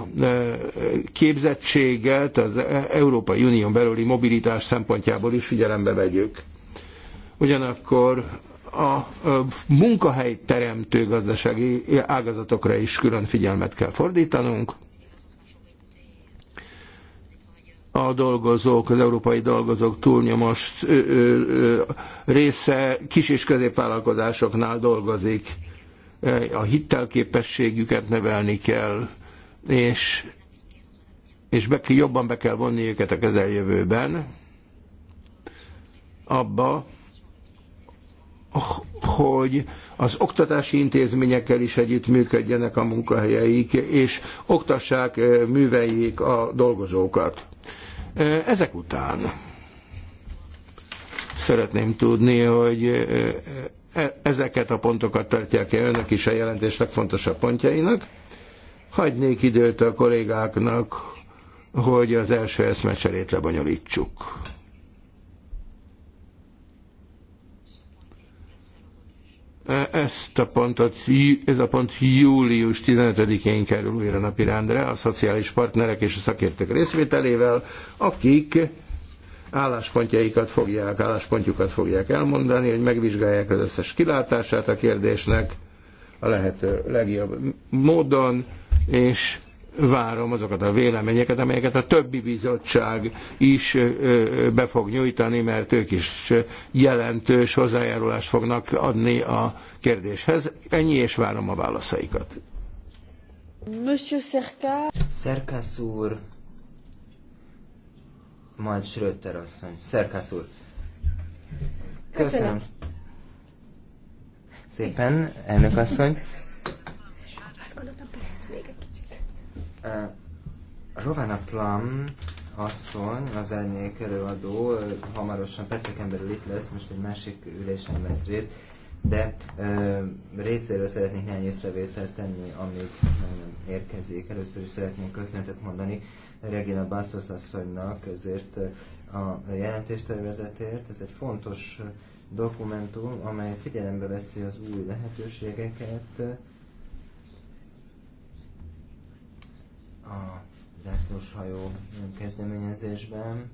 képzettséget az e-, Európai Unión belüli mobilitás szempontjából is figyelembe vegyük. Ugyanakkor a munkahely teremtő gazdasági ágazatokra is külön figyelmet kell fordítanunk. A dolgozók, az európai dolgozók túlnyomos része kis- és középvállalkozásoknál dolgozik. A hitelképességüket nevelni kell, és, és be, jobban be kell vonni őket a közeljövőben abba, hogy az oktatási intézményekkel is együttműködjenek a munkahelyeik, és oktassák, műveljék a dolgozókat. Ezek után szeretném tudni, hogy e, ezeket a pontokat tartják-e önök is a jelentés legfontosabb pontjainak. Hagynék időt a kollégáknak, hogy az első eszmecserét lebonyolítsuk. E, ezt a pontot, ez a pont július 15-én kerül újra napirendre a szociális partnerek és a szakértők részvételével, akik álláspontjaikat fogják, álláspontjukat fogják elmondani, hogy megvizsgálják az összes kilátását a kérdésnek a lehető legjobb módon, és várom azokat a véleményeket, amelyeket a többi bizottság is be fog nyújtani, mert ők is jelentős hozzájárulást fognak adni a kérdéshez. Ennyi, és várom a válaszaikat. Monsieur Szerkász. Szerkász úr. Majd Schröter asszony. Szerkász úr. Köszönöm. Köszönöm. Szépen, elnök asszony. Rovana Plum asszony, az elnyék előadó, hamarosan perceken belül itt lesz, most egy másik ülésen vesz részt, de uh, részéről szeretnék néhány észrevételt tenni, amíg uh, érkezik. Először is szeretnék köszönetet mondani Regina Bastos asszonynak ezért a jelentéstervezetért. Ez egy fontos dokumentum, amely figyelembe veszi az új lehetőségeket, a zászlós hajó kezdeményezésben,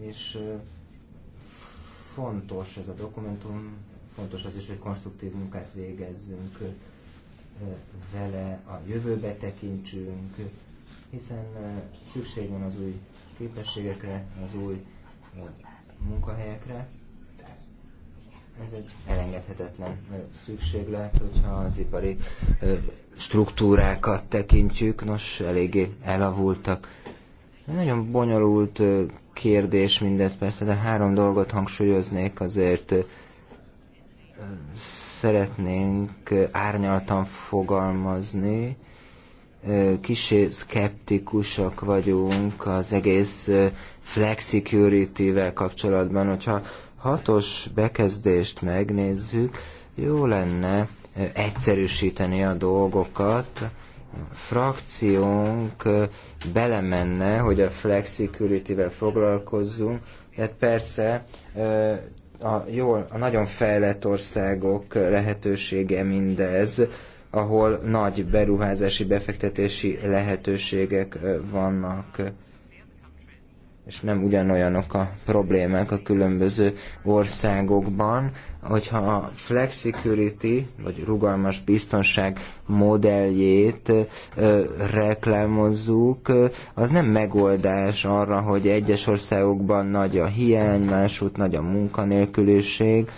és fontos ez a dokumentum, fontos az is, hogy konstruktív munkát végezzünk vele, a jövőbe tekintsünk, hiszen szükség van az új képességekre, az új munkahelyekre, ez egy elengedhetetlen szükséglet, hogyha az ipari struktúrákat tekintjük, nos, eléggé elavultak. Nagyon bonyolult kérdés mindez persze, de három dolgot hangsúlyoznék, azért szeretnénk árnyaltan fogalmazni, Kicsi szkeptikusak vagyunk az egész flexicurity-vel kapcsolatban, hogyha hatos bekezdést megnézzük, jó lenne egyszerűsíteni a dolgokat, frakciónk belemenne, hogy a flexicurity-vel foglalkozzunk, de hát persze a, jól, a nagyon fejlett országok lehetősége mindez, ahol nagy beruházási, befektetési lehetőségek vannak és nem ugyanolyanok a problémák a különböző országokban, hogyha a flexicurity, vagy rugalmas biztonság modelljét ö, reklámozzuk, ö, az nem megoldás arra, hogy egyes országokban nagy a hiány, másút nagy a munkanélküliség,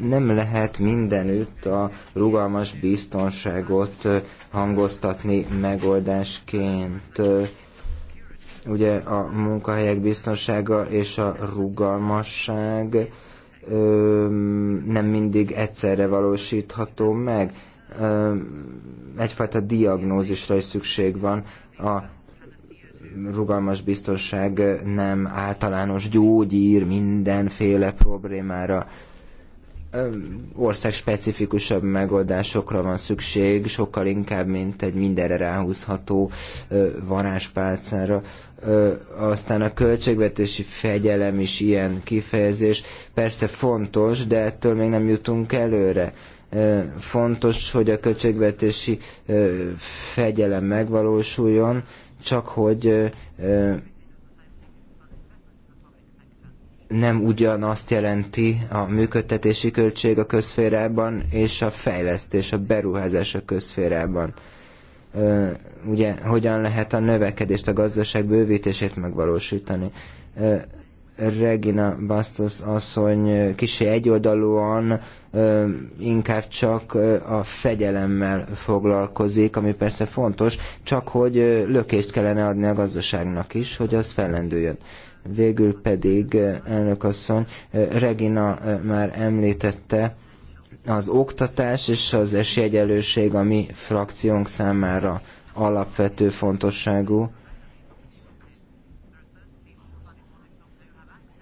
nem lehet mindenütt a rugalmas biztonságot hangoztatni megoldásként. Ö, Ugye a munkahelyek biztonsága és a rugalmasság nem mindig egyszerre valósítható meg. Egyfajta diagnózisra is szükség van. A rugalmas biztonság nem általános gyógyír mindenféle problémára országspecifikusabb megoldásokra van szükség, sokkal inkább, mint egy mindenre ráhúzható varázspálcára. Aztán a költségvetési fegyelem is ilyen kifejezés. Persze fontos, de ettől még nem jutunk előre fontos, hogy a költségvetési fegyelem megvalósuljon, csak hogy nem ugyanazt jelenti a működtetési költség a közférában és a fejlesztés, a beruházás a közférában. Ugye hogyan lehet a növekedést, a gazdaság bővítését megvalósítani? Regina Bastos asszony kicsi egyoldalúan inkább csak a fegyelemmel foglalkozik, ami persze fontos, csak hogy lökést kellene adni a gazdaságnak is, hogy az fellendüljön. Végül pedig, eh, elnök asszony, eh, Regina eh, már említette, az oktatás és az esélyegyelőség a mi frakciónk számára alapvető fontosságú.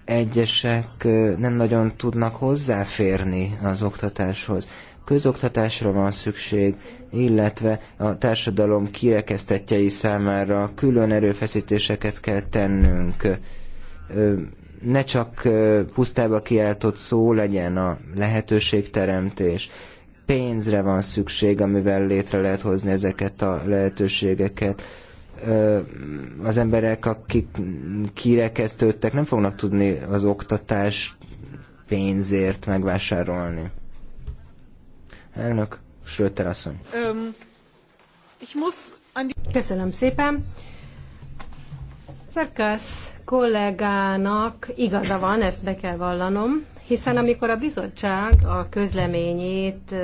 Egyesek nem nagyon tudnak hozzáférni az oktatáshoz. Közoktatásra van szükség, illetve a társadalom kirekesztettjei számára külön erőfeszítéseket kell tennünk ne csak pusztába kiáltott szó legyen a lehetőségteremtés, pénzre van szükség, amivel létre lehet hozni ezeket a lehetőségeket. Az emberek, akik kirekesztődtek, nem fognak tudni az oktatás pénzért megvásárolni. Elnök, Schröter asszony. Köszönöm szépen. Szerkasz kollégának igaza van, ezt be kell vallanom, hiszen amikor a bizottság a közleményét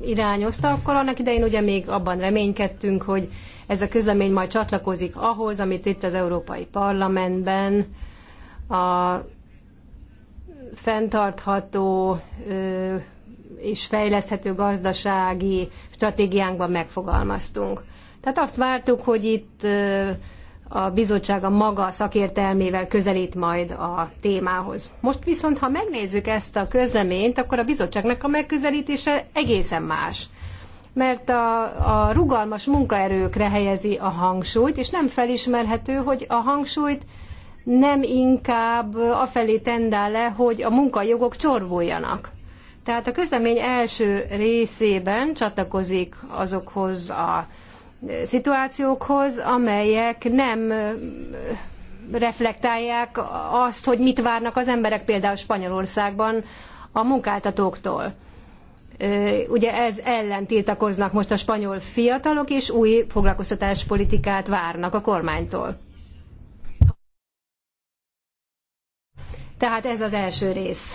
előirányozta, akkor annak idején ugye még abban reménykedtünk, hogy ez a közlemény majd csatlakozik ahhoz, amit itt az Európai Parlamentben a fenntartható és fejleszthető gazdasági stratégiánkban megfogalmaztunk. Tehát azt vártuk, hogy itt a bizottság a maga szakértelmével közelít majd a témához. Most viszont, ha megnézzük ezt a közleményt, akkor a bizottságnak a megközelítése egészen más. Mert a, a rugalmas munkaerőkre helyezi a hangsúlyt, és nem felismerhető, hogy a hangsúlyt nem inkább afelé tendál le, hogy a munkajogok csorvuljanak. Tehát a közlemény első részében csatlakozik azokhoz a szituációkhoz, amelyek nem reflektálják azt, hogy mit várnak az emberek például Spanyolországban a munkáltatóktól. Ugye ez ellen tiltakoznak most a spanyol fiatalok, és új foglalkoztatáspolitikát várnak a kormánytól. Tehát ez az első rész.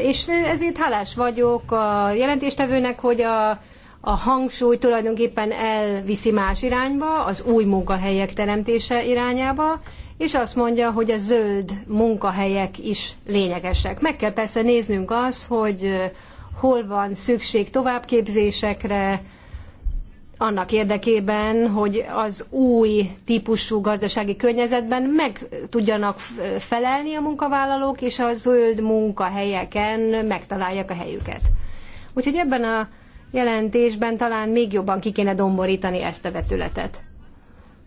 És ezért hálás vagyok a jelentéstevőnek, hogy a a hangsúly tulajdonképpen elviszi más irányba, az új munkahelyek teremtése irányába, és azt mondja, hogy a zöld munkahelyek is lényegesek. Meg kell persze néznünk azt, hogy hol van szükség továbbképzésekre, annak érdekében, hogy az új típusú gazdasági környezetben meg tudjanak felelni a munkavállalók, és a zöld munkahelyeken megtalálják a helyüket. Úgyhogy ebben a jelentésben talán még jobban ki kéne domborítani ezt a vetületet.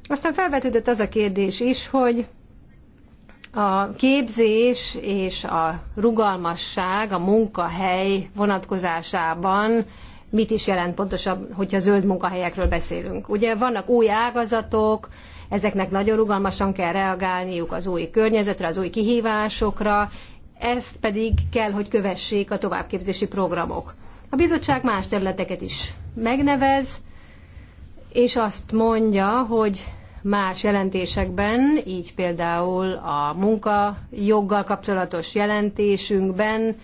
Aztán felvetődött az a kérdés is, hogy a képzés és a rugalmasság a munkahely vonatkozásában mit is jelent pontosabban, hogyha zöld munkahelyekről beszélünk. Ugye vannak új ágazatok, ezeknek nagyon rugalmasan kell reagálniuk az új környezetre, az új kihívásokra, ezt pedig kell, hogy kövessék a továbbképzési programok. A bizottság más területeket is megnevez, és azt mondja, hogy más jelentésekben, így például a munka joggal kapcsolatos jelentésünkben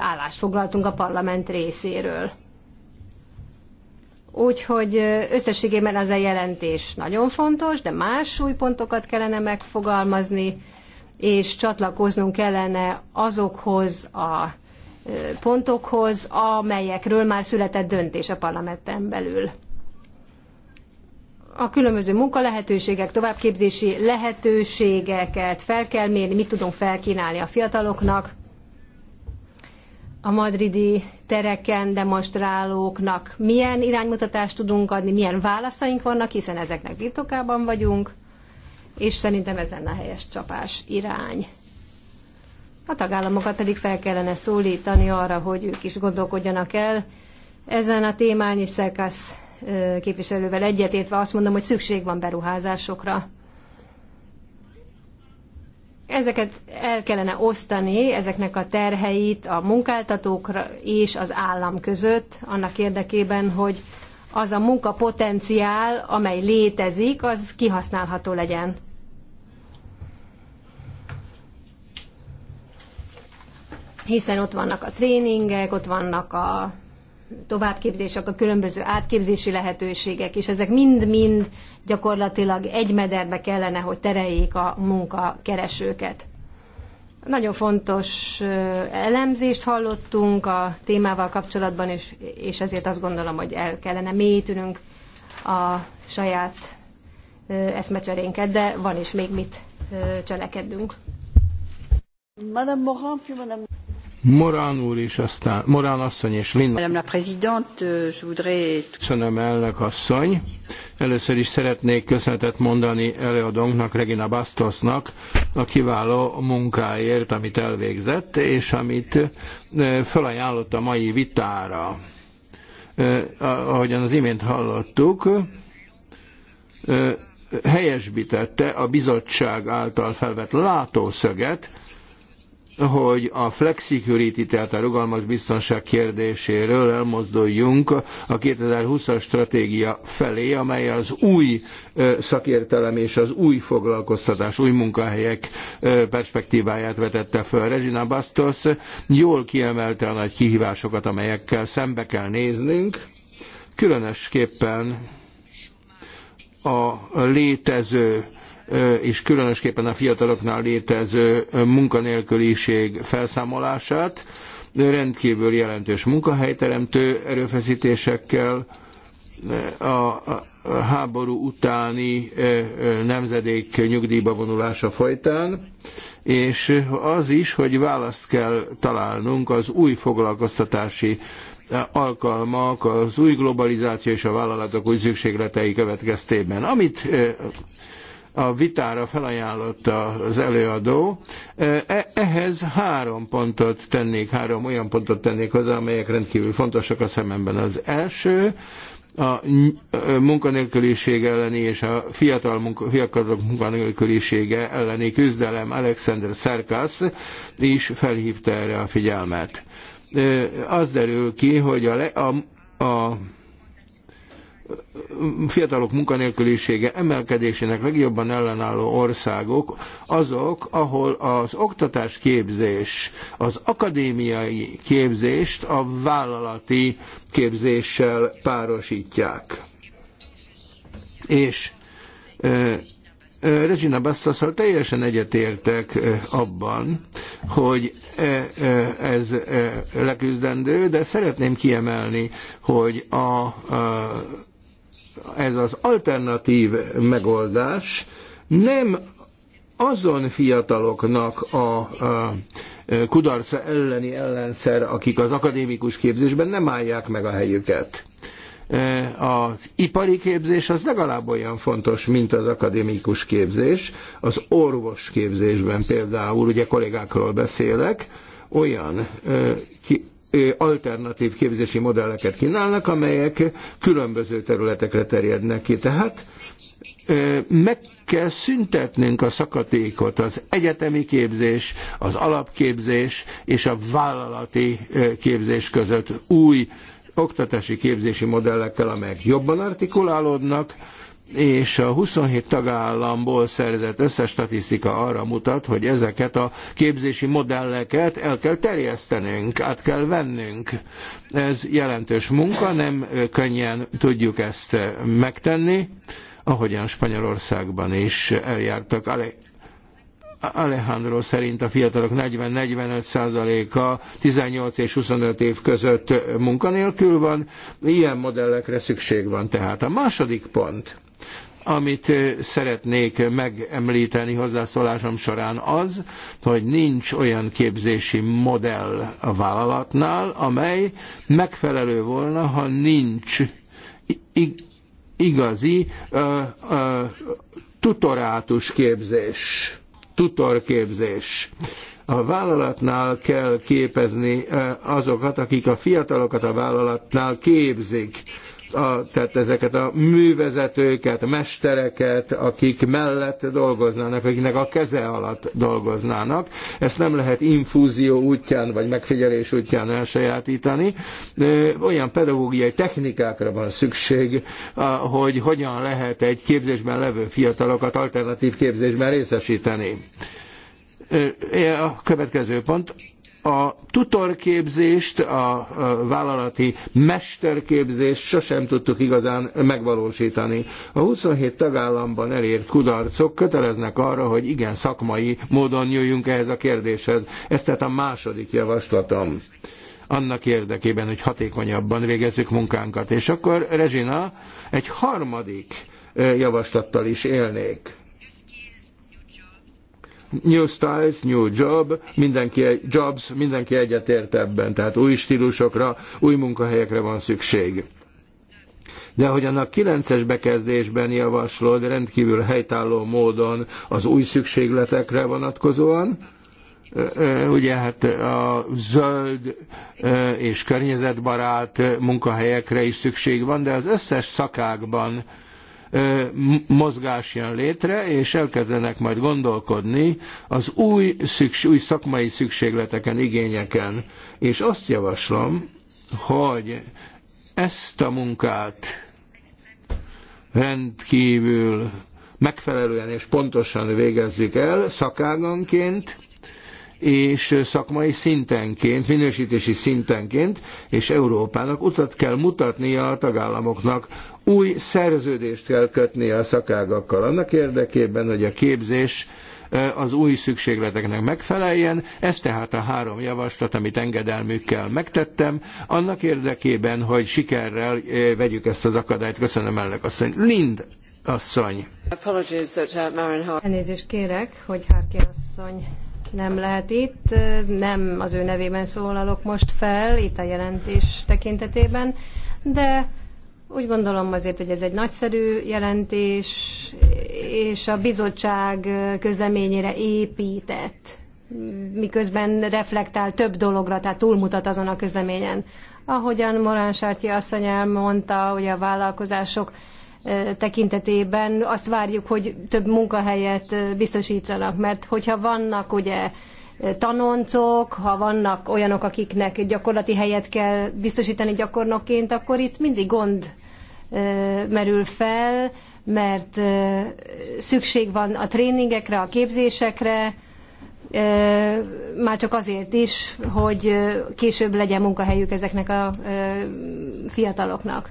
állást foglaltunk a parlament részéről. Úgyhogy összességében az a jelentés nagyon fontos, de más új pontokat kellene megfogalmazni, és csatlakoznunk kellene azokhoz a pontokhoz, amelyekről már született döntés a parlamenten belül. A különböző munkalehetőségek, továbbképzési lehetőségeket fel kell mérni, mit tudunk felkínálni a fiataloknak, a madridi tereken demonstrálóknak milyen iránymutatást tudunk adni, milyen válaszaink vannak, hiszen ezeknek birtokában vagyunk, és szerintem ez lenne a helyes csapás irány a tagállamokat pedig fel kellene szólítani arra, hogy ők is gondolkodjanak el. Ezen a témán is Szerkász képviselővel egyetértve azt mondom, hogy szükség van beruházásokra. Ezeket el kellene osztani, ezeknek a terheit a munkáltatókra és az állam között, annak érdekében, hogy az a munkapotenciál, amely létezik, az kihasználható legyen. hiszen ott vannak a tréningek, ott vannak a továbbképzések, a különböző átképzési lehetőségek, és ezek mind-mind gyakorlatilag egy mederbe kellene, hogy tereljék a munkakeresőket. Nagyon fontos elemzést hallottunk a témával kapcsolatban, és, és ezért azt gondolom, hogy el kellene mélyítünk a saját eszmecserénket, de van is még mit cselekednünk. Madame Morin, puis Madame... Morán úr és aztán, Morán asszony és Linna. Köszönöm elnök asszony. Először is szeretnék köszönetet mondani előadónknak, Regina Bastosnak, a kiváló munkáért, amit elvégzett, és amit eh, felajánlott a mai vitára. Eh, ahogyan az imént hallottuk, eh, helyesbítette a bizottság által felvett látószöget, hogy a flexicurity, tehát a rugalmas biztonság kérdéséről elmozduljunk a 2020-as stratégia felé, amely az új szakértelem és az új foglalkoztatás, új munkahelyek perspektíváját vetette föl. Regina Bastos jól kiemelte a nagy kihívásokat, amelyekkel szembe kell néznünk, különösképpen a létező és különösképpen a fiataloknál létező munkanélküliség felszámolását, rendkívül jelentős munkahelyteremtő erőfeszítésekkel, a háború utáni nemzedék nyugdíjba vonulása folytán, és az is, hogy választ kell találnunk az új foglalkoztatási alkalmak, az új globalizáció és a vállalatok új szükségletei következtében. Amit a vitára felajánlotta az előadó. E, ehhez három pontot tennék, három olyan pontot tennék hozzá, amelyek rendkívül fontosak a szememben. Az első, a munkanélküliség elleni és a fiatal munka, fiatalok munkanélkülisége elleni küzdelem Alexander Szerkasz is felhívta erre a figyelmet. E, az derül ki, hogy a, a, a fiatalok munkanélkülisége emelkedésének legjobban ellenálló országok azok, ahol az oktatás képzés, az akadémiai képzést a vállalati képzéssel párosítják. És e, Regina Bastasszal teljesen egyetértek abban, hogy ez leküzdendő, de szeretném kiemelni, hogy a, a ez az alternatív megoldás nem azon fiataloknak a, a kudarca elleni ellenszer, akik az akadémikus képzésben nem állják meg a helyüket. E, az ipari képzés az legalább olyan fontos, mint az akadémikus képzés. Az orvos képzésben például, ugye kollégákról beszélek, olyan e, alternatív képzési modelleket kínálnak, amelyek különböző területekre terjednek ki. Tehát meg kell szüntetnünk a szakadékot az egyetemi képzés, az alapképzés és a vállalati képzés között új oktatási képzési modellekkel, amelyek jobban artikulálódnak, és a 27 tagállamból szerzett összes statisztika arra mutat, hogy ezeket a képzési modelleket el kell terjesztenünk, át kell vennünk. Ez jelentős munka, nem könnyen tudjuk ezt megtenni, ahogyan Spanyolországban is eljártak. Alejandro szerint a fiatalok 40-45%-a 18 és 25 év között munkanélkül van. Ilyen modellekre szükség van tehát. A második pont amit szeretnék megemlíteni hozzászólásom során az, hogy nincs olyan képzési modell a vállalatnál, amely megfelelő volna, ha nincs igazi ö, ö, tutorátus képzés, tutorképzés. A vállalatnál kell képezni azokat, akik a fiatalokat a vállalatnál képzik a, tehát ezeket a művezetőket, mestereket, akik mellett dolgoznának, akiknek a keze alatt dolgoznának. Ezt nem lehet infúzió útján vagy megfigyelés útján elsajátítani. Olyan pedagógiai technikákra van szükség, hogy hogyan lehet egy képzésben levő fiatalokat alternatív képzésben részesíteni. A következő pont a tutorképzést, a vállalati mesterképzést sosem tudtuk igazán megvalósítani. A 27 tagállamban elért kudarcok köteleznek arra, hogy igen szakmai módon nyúljunk ehhez a kérdéshez. Ez tehát a második javaslatom annak érdekében, hogy hatékonyabban végezzük munkánkat. És akkor, Rezsina, egy harmadik javaslattal is élnék. New styles, new job, mindenki, jobs, mindenki egyetért ebben, tehát új stílusokra, új munkahelyekre van szükség. De hogy a kilences es bekezdésben javaslod rendkívül helytálló módon az új szükségletekre vonatkozóan, ugye hát a zöld és környezetbarát munkahelyekre is szükség van, de az összes szakákban mozgás jön létre, és elkezdenek majd gondolkodni az új, új szakmai szükségleteken, igényeken. És azt javaslom, hogy ezt a munkát rendkívül megfelelően és pontosan végezzük el szakáganként, és szakmai szintenként, minősítési szintenként, és Európának utat kell mutatnia a tagállamoknak, új szerződést kell kötnie a szakágakkal annak érdekében, hogy a képzés e, az új szükségleteknek megfeleljen. Ez tehát a három javaslat, amit engedelmükkel megtettem, annak érdekében, hogy sikerrel e, vegyük ezt az akadályt. Köszönöm elnök asszony. Lind asszony. Uh, Elnézést kérek, hogy Harkin asszony nem lehet itt, nem az ő nevében szólalok most fel, itt a jelentés tekintetében, de úgy gondolom azért, hogy ez egy nagyszerű jelentés, és a bizottság közleményére épített, miközben reflektál több dologra, tehát túlmutat azon a közleményen. Ahogyan Morán Sártyi asszony elmondta, hogy a vállalkozások tekintetében azt várjuk, hogy több munkahelyet biztosítsanak, mert hogyha vannak ugye tanoncok, ha vannak olyanok, akiknek gyakorlati helyet kell biztosítani gyakornokként, akkor itt mindig gond merül fel, mert szükség van a tréningekre, a képzésekre, már csak azért is, hogy később legyen munkahelyük ezeknek a fiataloknak.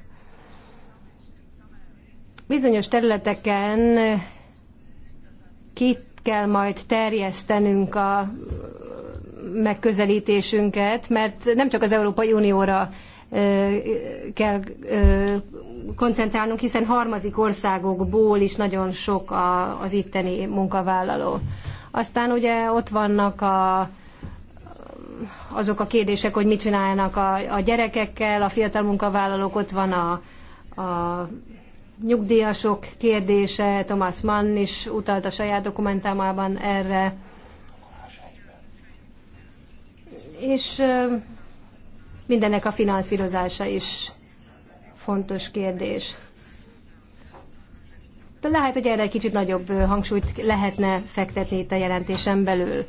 Bizonyos területeken ki kell majd terjesztenünk a megközelítésünket, mert nem csak az Európai Unióra kell koncentrálnunk, hiszen harmadik országokból is nagyon sok az itteni munkavállaló. Aztán ugye ott vannak a, azok a kérdések, hogy mit csinálnak a, a gyerekekkel, a fiatal munkavállalók, ott van a, a nyugdíjasok kérdése, Thomas Mann is utalt a saját dokumentámában erre. És mindennek a finanszírozása is fontos kérdés. De lehet, hogy erre egy kicsit nagyobb hangsúlyt lehetne fektetni itt a jelentésen belül.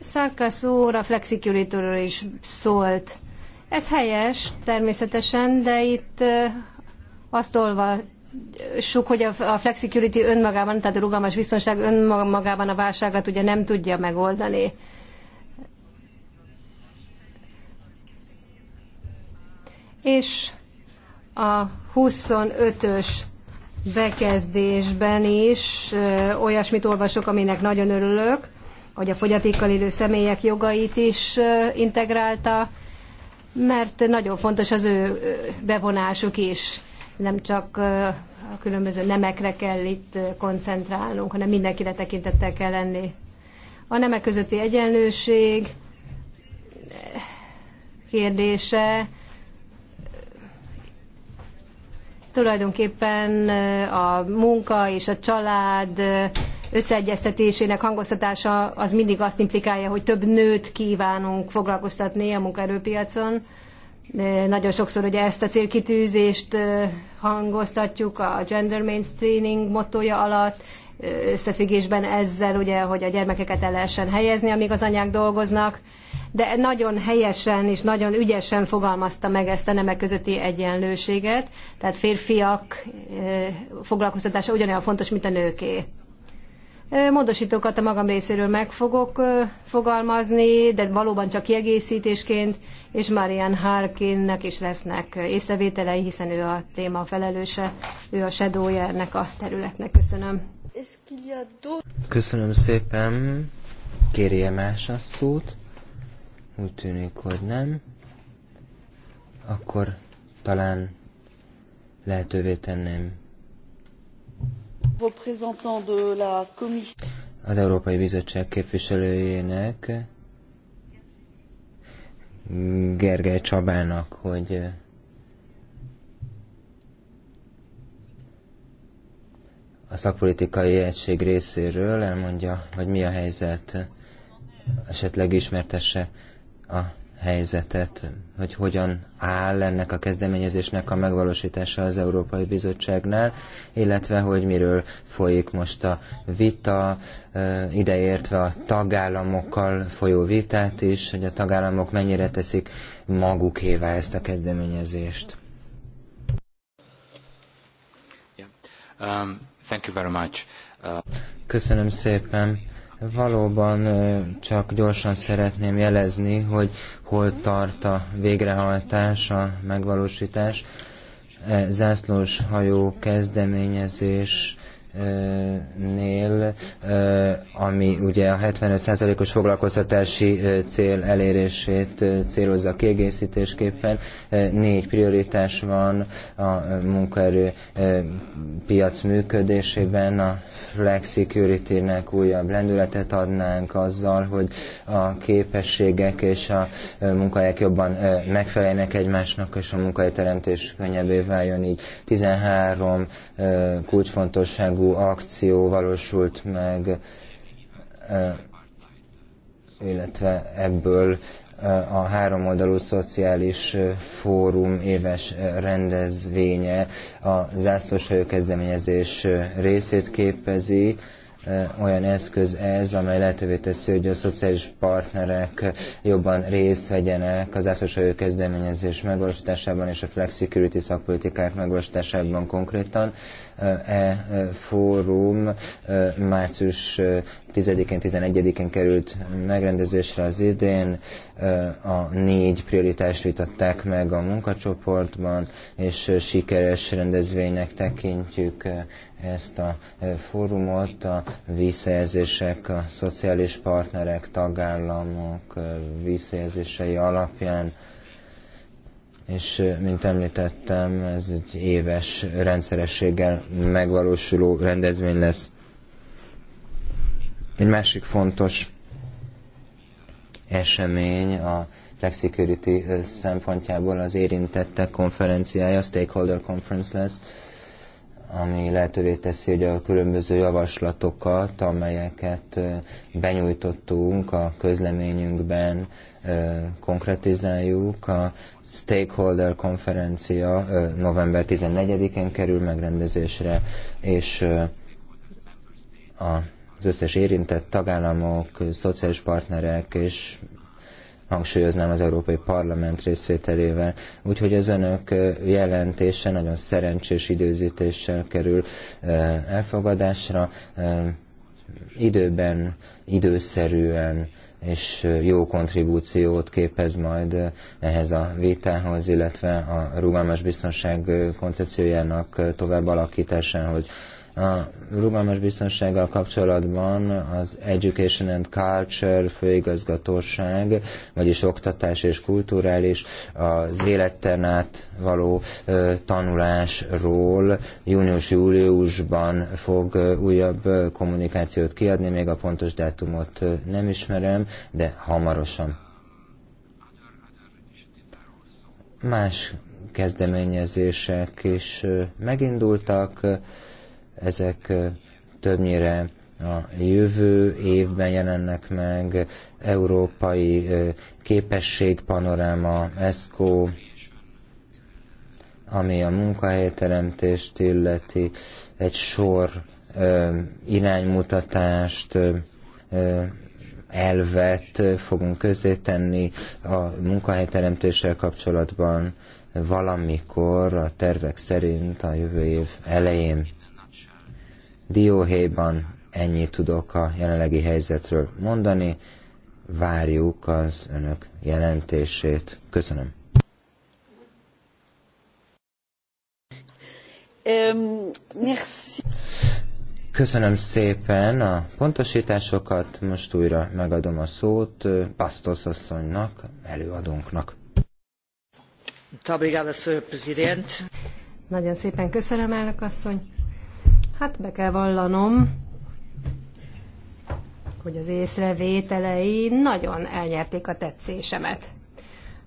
Szarkasz úr a flexicurity is szólt. Ez helyes természetesen, de itt azt olvassuk, hogy a flexicurity önmagában, tehát a rugalmas biztonság önmagában a válságot ugye nem tudja megoldani. És a 25-ös bekezdésben is olyasmit olvasok, aminek nagyon örülök, hogy a fogyatékkal élő személyek jogait is integrálta mert nagyon fontos az ő bevonásuk is. Nem csak a különböző nemekre kell itt koncentrálnunk, hanem mindenkire tekintettel kell lenni. A nemek közötti egyenlőség eh, kérdése tulajdonképpen a munka és a család összeegyeztetésének hangoztatása az mindig azt implikálja, hogy több nőt kívánunk foglalkoztatni a munkaerőpiacon. Nagyon sokszor ugye ezt a célkitűzést hangoztatjuk a gender mainstreaming mottoja alatt, összefüggésben ezzel ugye, hogy a gyermekeket el lehessen helyezni, amíg az anyák dolgoznak, de nagyon helyesen és nagyon ügyesen fogalmazta meg ezt a nemek közötti egyenlőséget, tehát férfiak foglalkoztatása ugyanolyan fontos, mint a nőké. Módosítókat a magam részéről meg fogok fogalmazni, de valóban csak kiegészítésként, és Marian Harkinnek is lesznek észrevételei, hiszen ő a téma felelőse, ő a shadowja ennek a területnek. Köszönöm. Köszönöm szépen. Kérje más a szót. Úgy tűnik, hogy nem. Akkor talán lehetővé tenném az Európai Bizottság képviselőjének, Gergely Csabának, hogy a szakpolitikai egység részéről elmondja, hogy mi a helyzet, esetleg ismertesse a helyzetet, hogy hogyan áll ennek a kezdeményezésnek a megvalósítása az Európai Bizottságnál, illetve hogy miről folyik most a vita, ideértve a tagállamokkal folyó vitát is, hogy a tagállamok mennyire teszik magukévá ezt a kezdeményezést. Yeah. Um, thank you very much. Uh... Köszönöm szépen Valóban csak gyorsan szeretném jelezni, hogy hol tart a végrehajtás, a megvalósítás. E, zászlós hajó kezdeményezés nél, ami ugye a 75%-os foglalkoztatási cél elérését célozza kiegészítésképpen. Négy prioritás van a munkaerő piac működésében, a flexicurity-nek újabb lendületet adnánk azzal, hogy a képességek és a munkahelyek jobban megfelelnek egymásnak, és a munkahelyteremtés könnyebbé váljon így. 13 kulcsfontosságú akció valósult meg illetve ebből a háromoldalú szociális fórum éves rendezvénye a zászlóshajó kezdeményezés részét képezi. Eh, olyan eszköz ez, amely lehetővé teszi, hogy a szociális partnerek jobban részt vegyenek az ászlósajó kezdeményezés megvalósításában és a flex security szakpolitikák megvalósításában konkrétan. Eh, e, e fórum eh, március 10-én, 11-én került megrendezésre az idén, a négy prioritást vitatták meg a munkacsoportban, és sikeres rendezvénynek tekintjük ezt a fórumot a visszajelzések, a szociális partnerek, tagállamok visszajelzései alapján, és mint említettem, ez egy éves rendszerességgel megvalósuló rendezvény lesz. Egy másik fontos esemény a flexicurity szempontjából az érintettek konferenciája, a stakeholder conference lesz, ami lehetővé teszi, hogy a különböző javaslatokat, amelyeket benyújtottunk a közleményünkben, konkretizáljuk. A stakeholder konferencia november 14-én kerül megrendezésre, és az összes érintett tagállamok, szociális partnerek és hangsúlyoznám az Európai Parlament részvételével. Úgyhogy az önök jelentése nagyon szerencsés időzítéssel kerül elfogadásra, időben, időszerűen és jó kontribúciót képez majd ehhez a vitához, illetve a rugalmas biztonság koncepciójának tovább alakításához. A rugalmas biztonsággal kapcsolatban az Education and Culture főigazgatóság, vagyis oktatás és kulturális, az életen át való tanulásról június-júliusban fog újabb kommunikációt kiadni, még a pontos dátumot nem ismerem, de hamarosan. Más kezdeményezések is megindultak, ezek többnyire a jövő évben jelennek meg, európai képességpanoráma, ESCO, ami a munkahelyteremtést illeti, egy sor ö, iránymutatást, ö, elvet fogunk közé tenni a munkahelyteremtéssel kapcsolatban valamikor a tervek szerint a jövő év elején. Dióhéjban ennyit tudok a jelenlegi helyzetről mondani. Várjuk az önök jelentését. Köszönöm. Köszönöm szépen a pontosításokat, most újra megadom a szót Pastos asszonynak, előadónknak. Nagyon szépen köszönöm, elnök asszony. Hát be kell vallanom, hogy az észrevételei nagyon elnyerték a tetszésemet.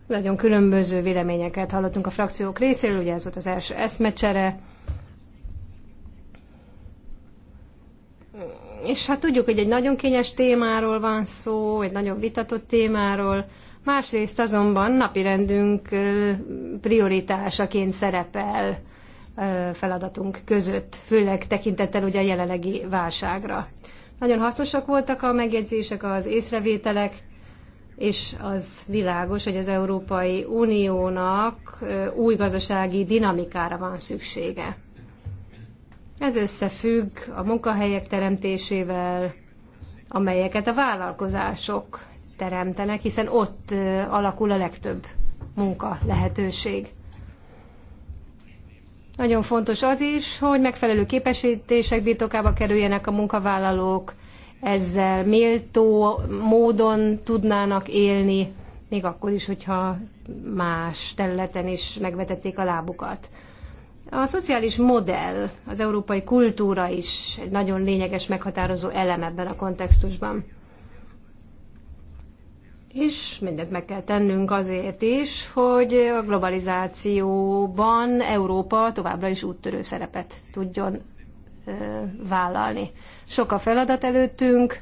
Nagyon különböző véleményeket hallottunk a frakciók részéről, ugye ez volt az első eszmecsere. És hát tudjuk, hogy egy nagyon kényes témáról van szó, egy nagyon vitatott témáról, másrészt azonban napirendünk prioritásaként szerepel feladatunk között, főleg tekintettel ugye a jelenlegi válságra. Nagyon hasznosak voltak a megjegyzések, az észrevételek, és az világos, hogy az Európai Uniónak új gazdasági dinamikára van szüksége. Ez összefügg a munkahelyek teremtésével, amelyeket a vállalkozások teremtenek, hiszen ott alakul a legtöbb munka lehetőség. Nagyon fontos az is, hogy megfelelő képesítések birtokába kerüljenek a munkavállalók, ezzel méltó módon tudnának élni, még akkor is, hogyha más területen is megvetették a lábukat. A szociális modell, az európai kultúra is egy nagyon lényeges meghatározó elem ebben a kontextusban és mindent meg kell tennünk azért is, hogy a globalizációban Európa továbbra is úttörő szerepet tudjon ö, vállalni. Sok a feladat előttünk,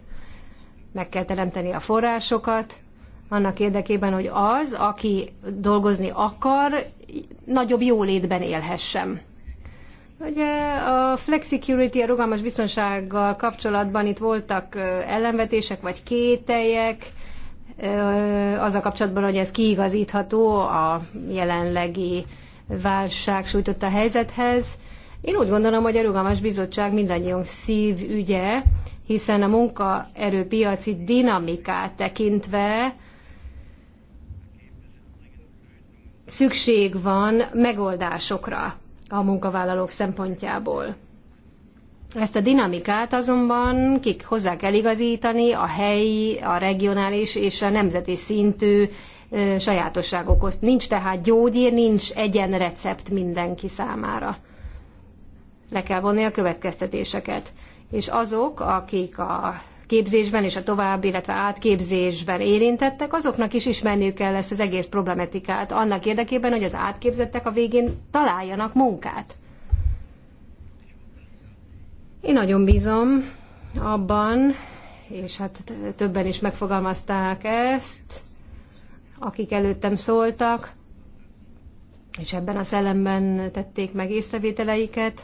meg kell teremteni a forrásokat, annak érdekében, hogy az, aki dolgozni akar, nagyobb jólétben élhessen. Ugye a flexicurity, a rugalmas biztonsággal kapcsolatban itt voltak ellenvetések vagy kételjek, az a kapcsolatban, hogy ez kiigazítható a jelenlegi válság sújtotta helyzethez. Én úgy gondolom, hogy a Rugalmas Bizottság mindannyiunk szív ügye, hiszen a munkaerőpiaci dinamikát tekintve szükség van megoldásokra a munkavállalók szempontjából. Ezt a dinamikát azonban kik hozzá kell igazítani a helyi, a regionális és a nemzeti szintű sajátosságokhoz. Nincs tehát gyógyír, nincs egyen recept mindenki számára. Le kell vonni a következtetéseket. És azok, akik a képzésben és a tovább, illetve átképzésben érintettek, azoknak is ismerniük kell ezt az egész problematikát annak érdekében, hogy az átképzettek a végén találjanak munkát. Én nagyon bízom abban, és hát többen is megfogalmazták ezt, akik előttem szóltak, és ebben a szellemben tették meg észrevételeiket,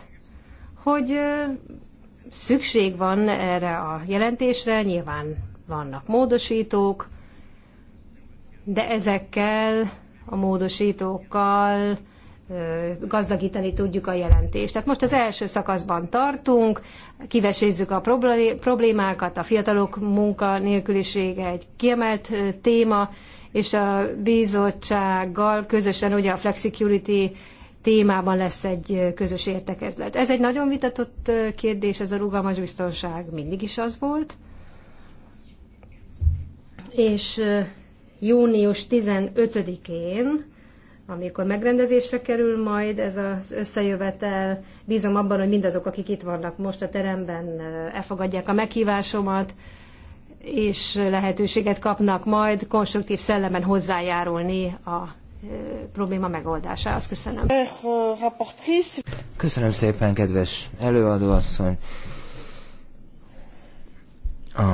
hogy szükség van erre a jelentésre, nyilván vannak módosítók, de ezekkel a módosítókkal gazdagítani tudjuk a jelentést. Tehát most az első szakaszban tartunk, kivesézzük a problémákat, a fiatalok munkanélkülisége egy kiemelt téma, és a bizottsággal közösen ugye a flexicurity témában lesz egy közös értekezlet. Ez egy nagyon vitatott kérdés, ez a rugalmas biztonság mindig is az volt. És június 15-én amikor megrendezésre kerül majd ez az összejövetel. Bízom abban, hogy mindazok, akik itt vannak most a teremben, eh, elfogadják a meghívásomat, és lehetőséget kapnak majd konstruktív szellemen hozzájárulni a eh, probléma megoldásához. Köszönöm. Köszönöm szépen, kedves előadóasszony. A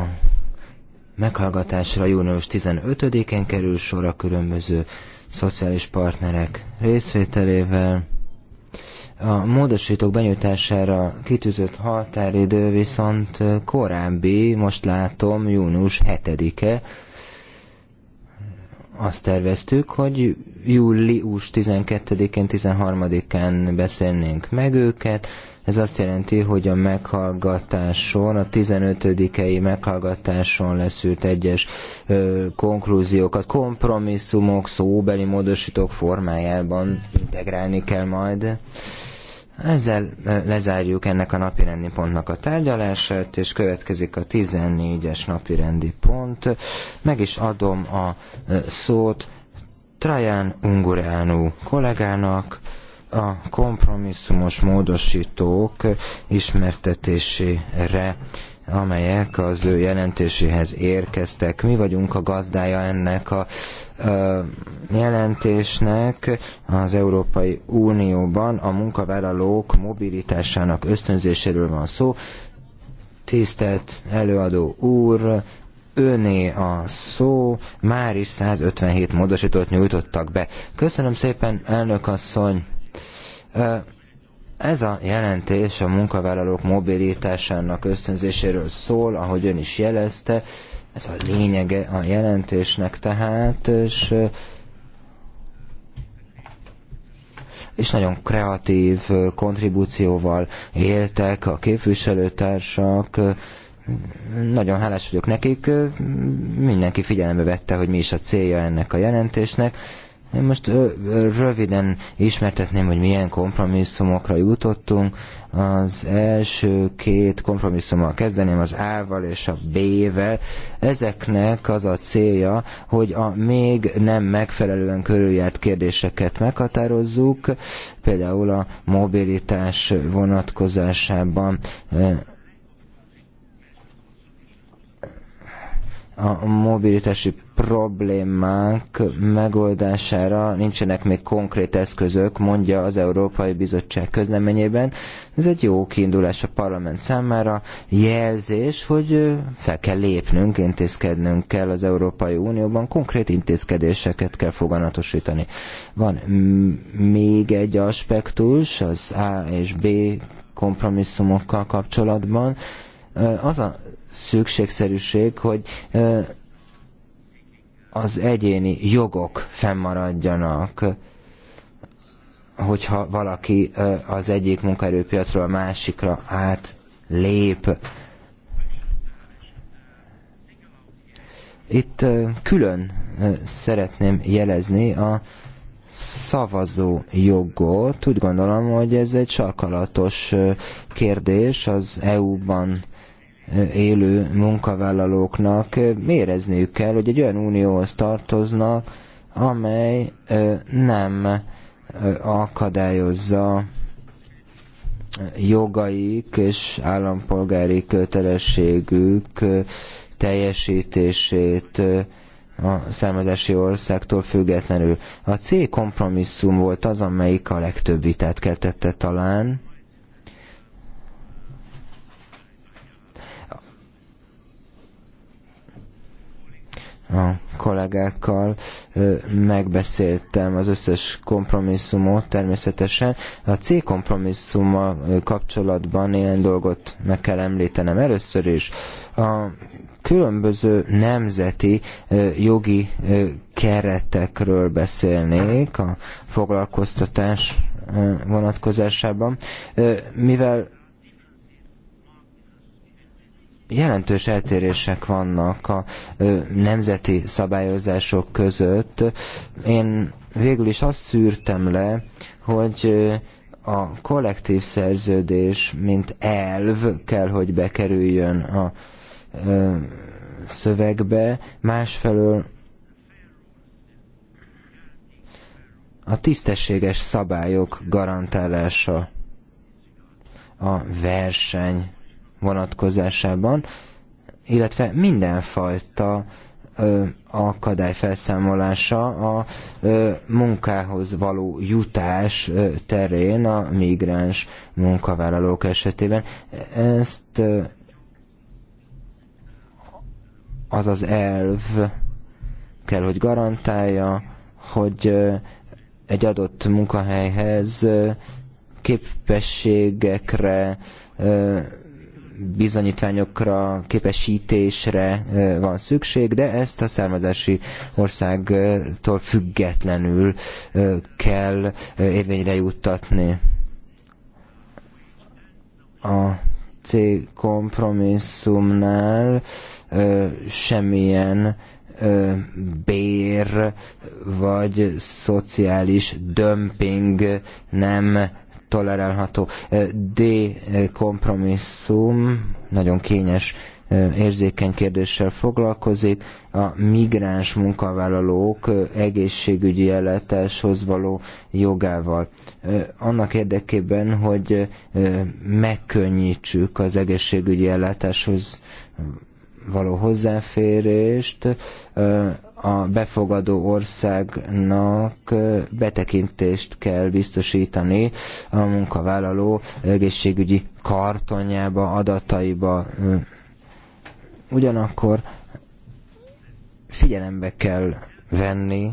meghallgatásra június 15-én kerül sor a különböző szociális partnerek részvételével. A módosítók benyújtására kitűzött határidő viszont korábbi, most látom, június 7-e. Azt terveztük, hogy július 12-én, 13-án beszélnénk meg őket, ez azt jelenti, hogy a meghallgatáson, a 15 i meghallgatáson leszűrt egyes ö, konklúziókat, kompromisszumok, szóbeli módosítók formájában integrálni kell majd. Ezzel lezárjuk ennek a napirendi pontnak a tárgyalását, és következik a 14-es napirendi pont. Meg is adom a szót Trajan Ungureanu kollégának, a kompromisszumos módosítók ismertetésére amelyek az ő jelentéséhez érkeztek. Mi vagyunk a gazdája ennek a jelentésnek az Európai Unióban. A munkavállalók mobilitásának ösztönzéséről van szó. Tisztelt előadó úr, öné a szó, már is 157 módosítót nyújtottak be. Köszönöm szépen, elnök asszony! Ez a jelentés a munkavállalók mobilitásának ösztönzéséről szól, ahogy ön is jelezte. Ez a lényege a jelentésnek tehát, és, és nagyon kreatív kontribúcióval éltek a képviselőtársak, nagyon hálás vagyok nekik, mindenki figyelembe vette, hogy mi is a célja ennek a jelentésnek, én most röviden ismertetném, hogy milyen kompromisszumokra jutottunk. Az első két kompromisszummal kezdeném, az A-val és a B-vel. Ezeknek az a célja, hogy a még nem megfelelően körüljárt kérdéseket meghatározzuk, például a mobilitás vonatkozásában a mobilitási problémák megoldására nincsenek még konkrét eszközök, mondja az Európai Bizottság közleményében. Ez egy jó kiindulás a parlament számára, jelzés, hogy fel kell lépnünk, intézkednünk kell az Európai Unióban, konkrét intézkedéseket kell foganatosítani. Van még egy aspektus, az A és B kompromisszumokkal kapcsolatban, az a szükségszerűség, hogy az egyéni jogok fennmaradjanak, hogyha valaki az egyik munkaerőpiacról a másikra átlép. Itt külön szeretném jelezni a szavazó jogot. Úgy gondolom, hogy ez egy sarkalatos kérdés az EU-ban élő munkavállalóknak érezniük kell, hogy egy olyan unióhoz tartoznak, amely nem akadályozza jogaik és állampolgári kötelességük teljesítését a származási országtól függetlenül. A C kompromisszum volt az, amelyik a legtöbb vitát keltette talán, a kollégákkal megbeszéltem az összes kompromisszumot természetesen. A C kompromisszummal kapcsolatban ilyen dolgot meg kell említenem. Először is a különböző nemzeti jogi keretekről beszélnék a foglalkoztatás vonatkozásában, mivel jelentős eltérések vannak a nemzeti szabályozások között. Én végül is azt szűrtem le, hogy a kollektív szerződés, mint elv kell, hogy bekerüljön a szövegbe, másfelől a tisztességes szabályok garantálása, a verseny vonatkozásában, illetve mindenfajta ö, akadály felszámolása a ö, munkához való jutás ö, terén a migráns munkavállalók esetében. Ezt ö, az az elv kell, hogy garantálja, hogy ö, egy adott munkahelyhez képességekre bizonyítványokra, képesítésre van szükség, de ezt a származási országtól függetlenül kell érvényre juttatni. A C kompromisszumnál semmilyen bér vagy szociális dömping nem tolerálható. D kompromisszum nagyon kényes érzékeny kérdéssel foglalkozik, a migráns munkavállalók egészségügyi ellátáshoz való jogával. Annak érdekében, hogy megkönnyítsük az egészségügyi ellátáshoz való hozzáférést, a befogadó országnak betekintést kell biztosítani a munkavállaló egészségügyi kartonjába, adataiba. Ugyanakkor figyelembe kell venni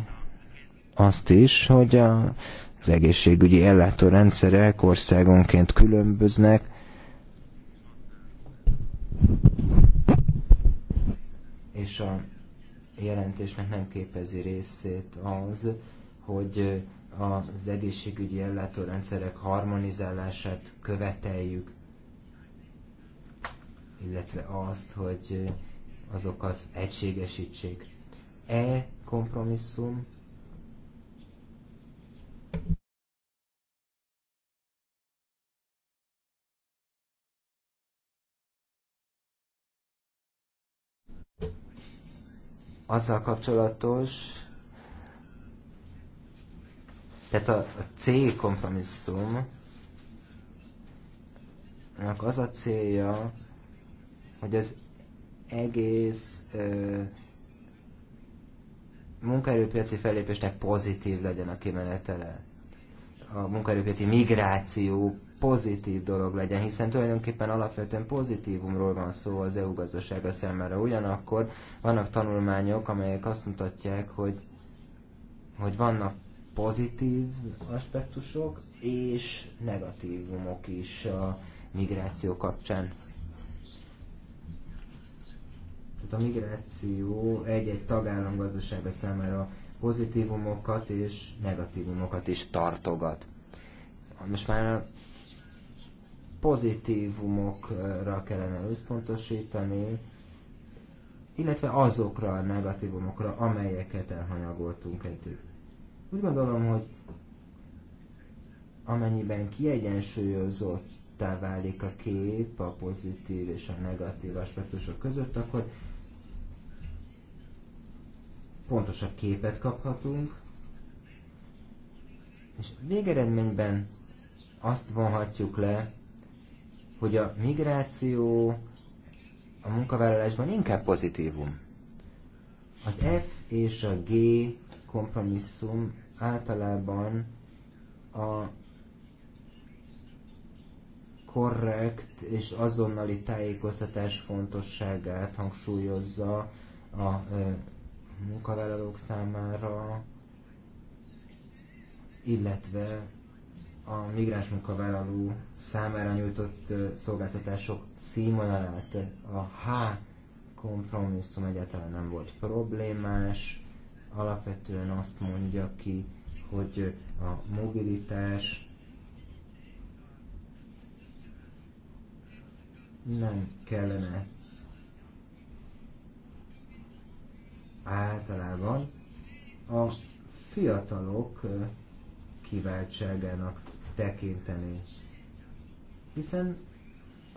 azt is, hogy a, az egészségügyi ellátórendszerek országonként különböznek, és a jelentésnek nem képezi részét az, hogy az egészségügyi ellátórendszerek harmonizálását követeljük, illetve azt, hogy azokat egységesítsék. E kompromisszum azzal kapcsolatos, tehát a, a C kompromisszum az a célja, hogy az egész ö, munkaerőpiaci fellépésnek pozitív legyen a kimenetele. A munkaerőpiaci migráció pozitív dolog legyen, hiszen tulajdonképpen alapvetően pozitívumról van szó az EU gazdasága szemére. Ugyanakkor vannak tanulmányok, amelyek azt mutatják, hogy, hogy vannak pozitív aspektusok és negatívumok is a migráció kapcsán. Tehát a migráció egy-egy tagállam gazdasága számára pozitívumokat és negatívumokat is tartogat. Most már pozitívumokra kellene összpontosítani, illetve azokra a negatívumokra, amelyeket elhanyagoltunk eddig. Úgy gondolom, hogy amennyiben kiegyensúlyozottá válik a kép a pozitív és a negatív aspektusok között, akkor pontosabb képet kaphatunk, és végeredményben azt vonhatjuk le, hogy a migráció a munkavállalásban inkább pozitívum. Az F és a G kompromisszum általában a korrekt és azonnali tájékoztatás fontosságát hangsúlyozza a munkavállalók számára, illetve a migráns munkavállaló számára nyújtott szolgáltatások színvonalát. A H kompromisszum egyáltalán nem volt problémás, alapvetően azt mondja ki, hogy a mobilitás nem kellene általában a fiatalok kiváltságának tekinteni. Hiszen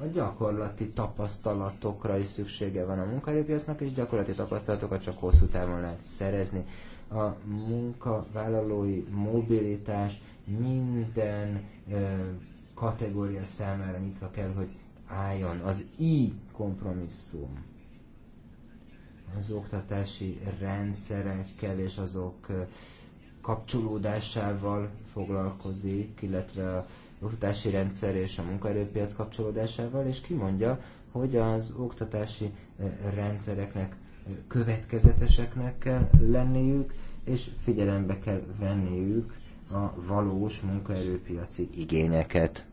a gyakorlati tapasztalatokra is szüksége van a munkaerőpiacnak, és gyakorlati tapasztalatokat csak hosszú távon lehet szerezni. A munkavállalói mobilitás minden ö, kategória számára nyitva kell, hogy álljon. Az i kompromisszum az oktatási rendszerekkel és azok kapcsolódásával foglalkozik, illetve a oktatási rendszer és a munkaerőpiac kapcsolódásával, és kimondja, hogy az oktatási rendszereknek következeteseknek kell lenniük, és figyelembe kell venniük a valós munkaerőpiaci igényeket.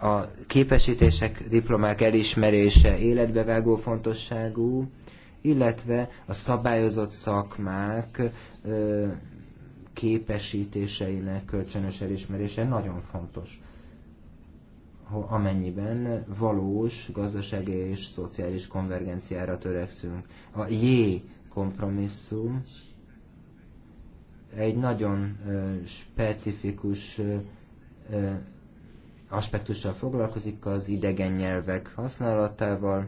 A képesítések, diplomák elismerése életbevágó fontosságú, illetve a szabályozott szakmák képesítéseinek kölcsönös elismerése nagyon fontos amennyiben valós gazdasági és szociális konvergenciára törekszünk. A J kompromisszum egy nagyon specifikus aspektussal foglalkozik az idegen nyelvek használatával,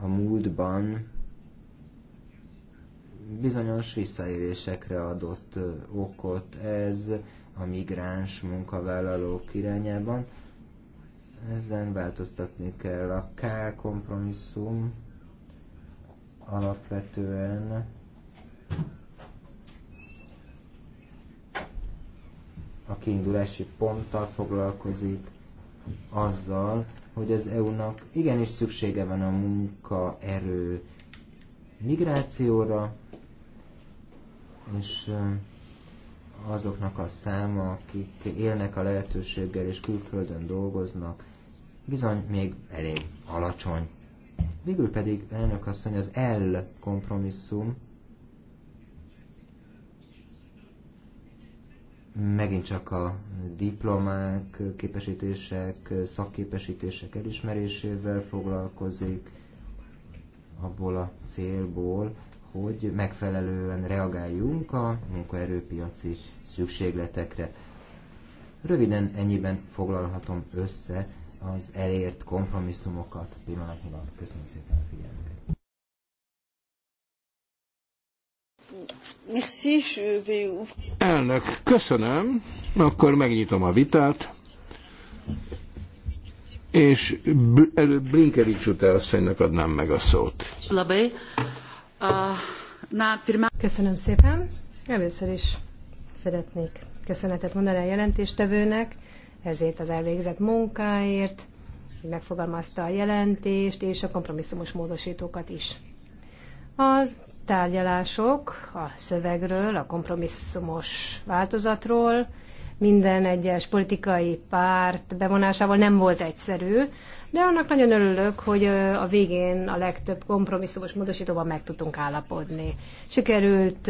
a múltban bizonyos visszaélésekre adott okot ez a migráns munkavállalók irányában. Ezen változtatni kell a K kompromisszum alapvetően a kiindulási ponttal foglalkozik, azzal, hogy az EU-nak igenis szüksége van a munkaerő migrációra, és azoknak a száma, akik élnek a lehetőséggel és külföldön dolgoznak, bizony még elég alacsony. Végül pedig elnök asszony az L kompromisszum megint csak a diplomák, képesítések, szakképesítések elismerésével foglalkozik, abból a célból, hogy megfelelően reagáljunk a munkaerőpiaci szükségletekre. Röviden ennyiben foglalhatom össze az elért kompromisszumokat pillanatnyilag. Köszönöm szépen a figyelmet! Elnök, köszönöm. Akkor megnyitom a vitát. És előbb Blinkevics asszonynak adnám meg a szót. Köszönöm szépen. Először is szeretnék köszönetet mondani a jelentéstevőnek, ezért az elvégzett munkáért, hogy megfogalmazta a jelentést és a kompromisszumos módosítókat is. Az tárgyalások a szövegről, a kompromisszumos változatról, minden egyes politikai párt bevonásával nem volt egyszerű, de annak nagyon örülök, hogy a végén a legtöbb kompromisszumos módosítóban meg tudtunk állapodni. Sikerült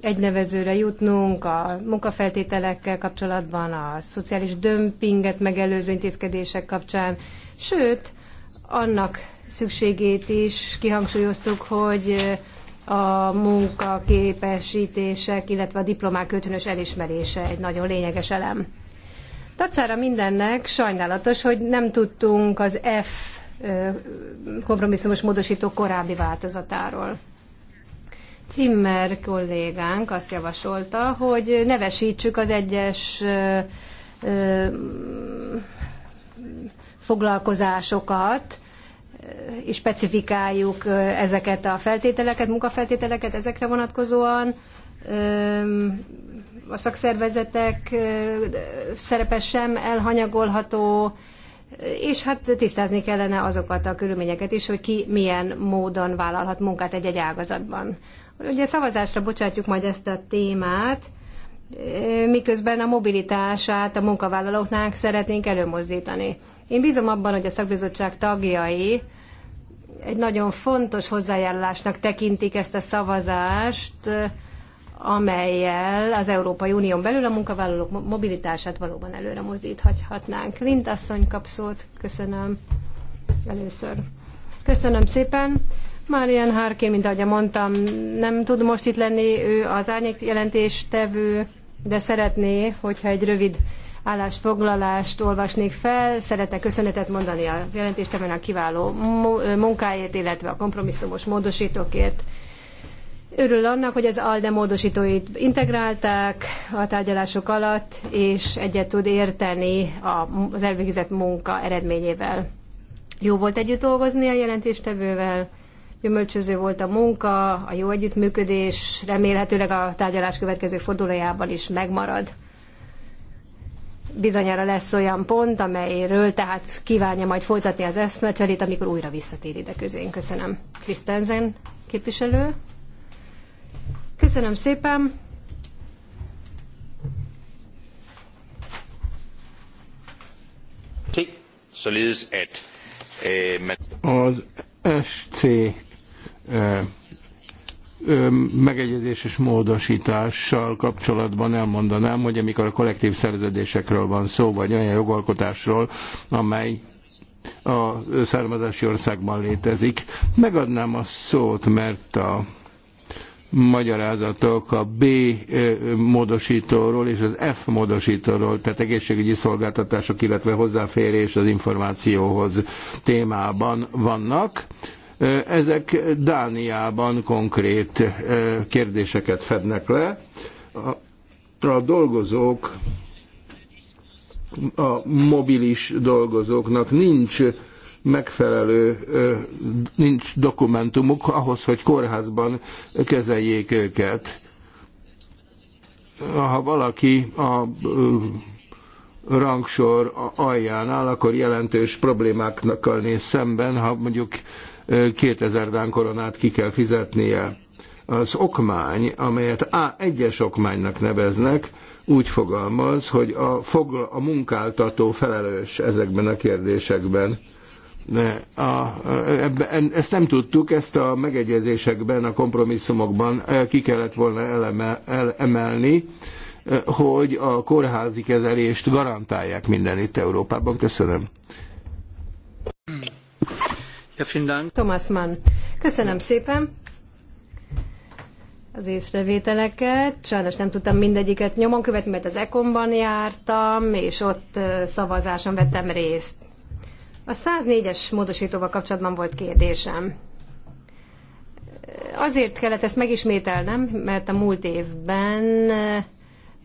egy nevezőre jutnunk a munkafeltételekkel kapcsolatban, a szociális dömpinget megelőző intézkedések kapcsán, sőt, annak szükségét is kihangsúlyoztuk, hogy a munkaképesítések, illetve a diplomák kölcsönös elismerése egy nagyon lényeges elem. Tacára mindennek sajnálatos, hogy nem tudtunk az F kompromisszumos módosító korábbi változatáról. Cimmer kollégánk azt javasolta, hogy nevesítsük az egyes foglalkozásokat, és specifikáljuk ezeket a feltételeket, munkafeltételeket ezekre vonatkozóan, a szakszervezetek szerepe sem elhanyagolható, és hát tisztázni kellene azokat a körülményeket is, hogy ki milyen módon vállalhat munkát egy-egy ágazatban. Ugye szavazásra bocsátjuk majd ezt a témát, miközben a mobilitását a munkavállalóknál szeretnénk előmozdítani. Én bízom abban, hogy a szakbizottság tagjai egy nagyon fontos hozzájárulásnak tekintik ezt a szavazást, amelyel az Európai Unión belül a munkavállalók mobilitását valóban előre mozdíthatnánk. Lind asszony kap szót. Köszönöm először. Köszönöm szépen. Marian Harkin, mint ahogy mondtam, nem tud most itt lenni, ő az árnyék jelentéstevő, de szeretné, hogyha egy rövid állásfoglalást olvasnék fel. Szeretnék köszönetet mondani a jelentéstemen a kiváló munkáért, illetve a kompromisszumos módosítókért. Örül annak, hogy az ALDE módosítóit integrálták a tárgyalások alatt, és egyet tud érteni az elvégzett munka eredményével. Jó volt együtt dolgozni a jelentéstevővel, gyümölcsöző volt a munka, a jó együttműködés, remélhetőleg a tárgyalás következő fordulójában is megmarad bizonyára lesz olyan pont, amelyről tehát kívánja majd folytatni az eszmecserét, amikor újra visszatér ide közénk. Köszönöm. Krisztenzen képviselő. Köszönöm szépen. Øh, az SC megegyezés és módosítással kapcsolatban elmondanám, hogy amikor a kollektív szerződésekről van szó, vagy olyan jogalkotásról, amely a származási országban létezik, megadnám a szót, mert a magyarázatok a B módosítóról és az F módosítóról, tehát egészségügyi szolgáltatások, illetve hozzáférés az információhoz témában vannak. Ezek Dániában konkrét kérdéseket fednek le. A, a dolgozók, a mobilis dolgozóknak nincs megfelelő nincs dokumentumuk ahhoz, hogy kórházban kezeljék őket. Ha valaki a rangsor alján áll, akkor jelentős problémáknak néz szemben, ha mondjuk 2000 dán koronát ki kell fizetnie. Az okmány, amelyet A1-es okmánynak neveznek, úgy fogalmaz, hogy a, fogl- a munkáltató felelős ezekben a kérdésekben. A, ebben, ezt nem tudtuk, ezt a megegyezésekben, a kompromisszumokban eh, ki kellett volna eleme, eh, hogy a kórházi kezelést garantálják minden itt Európában. Köszönöm. Thomas Mann. Köszönöm szépen az észrevételeket. Sajnos nem tudtam mindegyiket nyomon követni, mert az Ekonban jártam, és ott szavazáson vettem részt. A 104-es módosítóval kapcsolatban volt kérdésem. Azért kellett ezt megismételnem, mert a múlt évben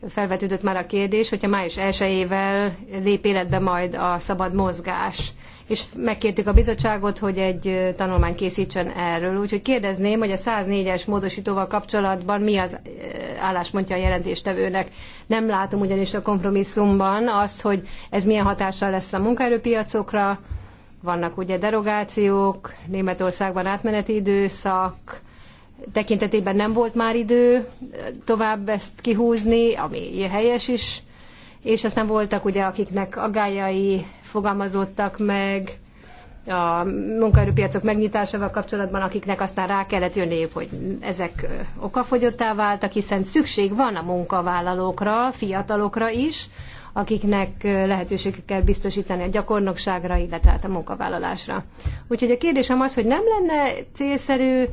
felvetődött már a kérdés, hogyha május 1-ével lép életbe majd a szabad mozgás és megkértük a bizottságot, hogy egy tanulmány készítsen erről. Úgyhogy kérdezném, hogy a 104-es módosítóval kapcsolatban mi az álláspontja a jelentéstevőnek. Nem látom ugyanis a kompromisszumban azt, hogy ez milyen hatással lesz a munkaerőpiacokra. Vannak ugye derogációk, Németországban átmeneti időszak, tekintetében nem volt már idő tovább ezt kihúzni, ami helyes is és aztán voltak ugye, akiknek agályai fogalmazódtak meg a munkaerőpiacok megnyitásával kapcsolatban, akiknek aztán rá kellett jönniük, hogy ezek okafogyottá váltak, hiszen szükség van a munkavállalókra, fiatalokra is, akiknek lehetőséget kell biztosítani a gyakornokságra, illetve hát a munkavállalásra. Úgyhogy a kérdésem az, hogy nem lenne célszerű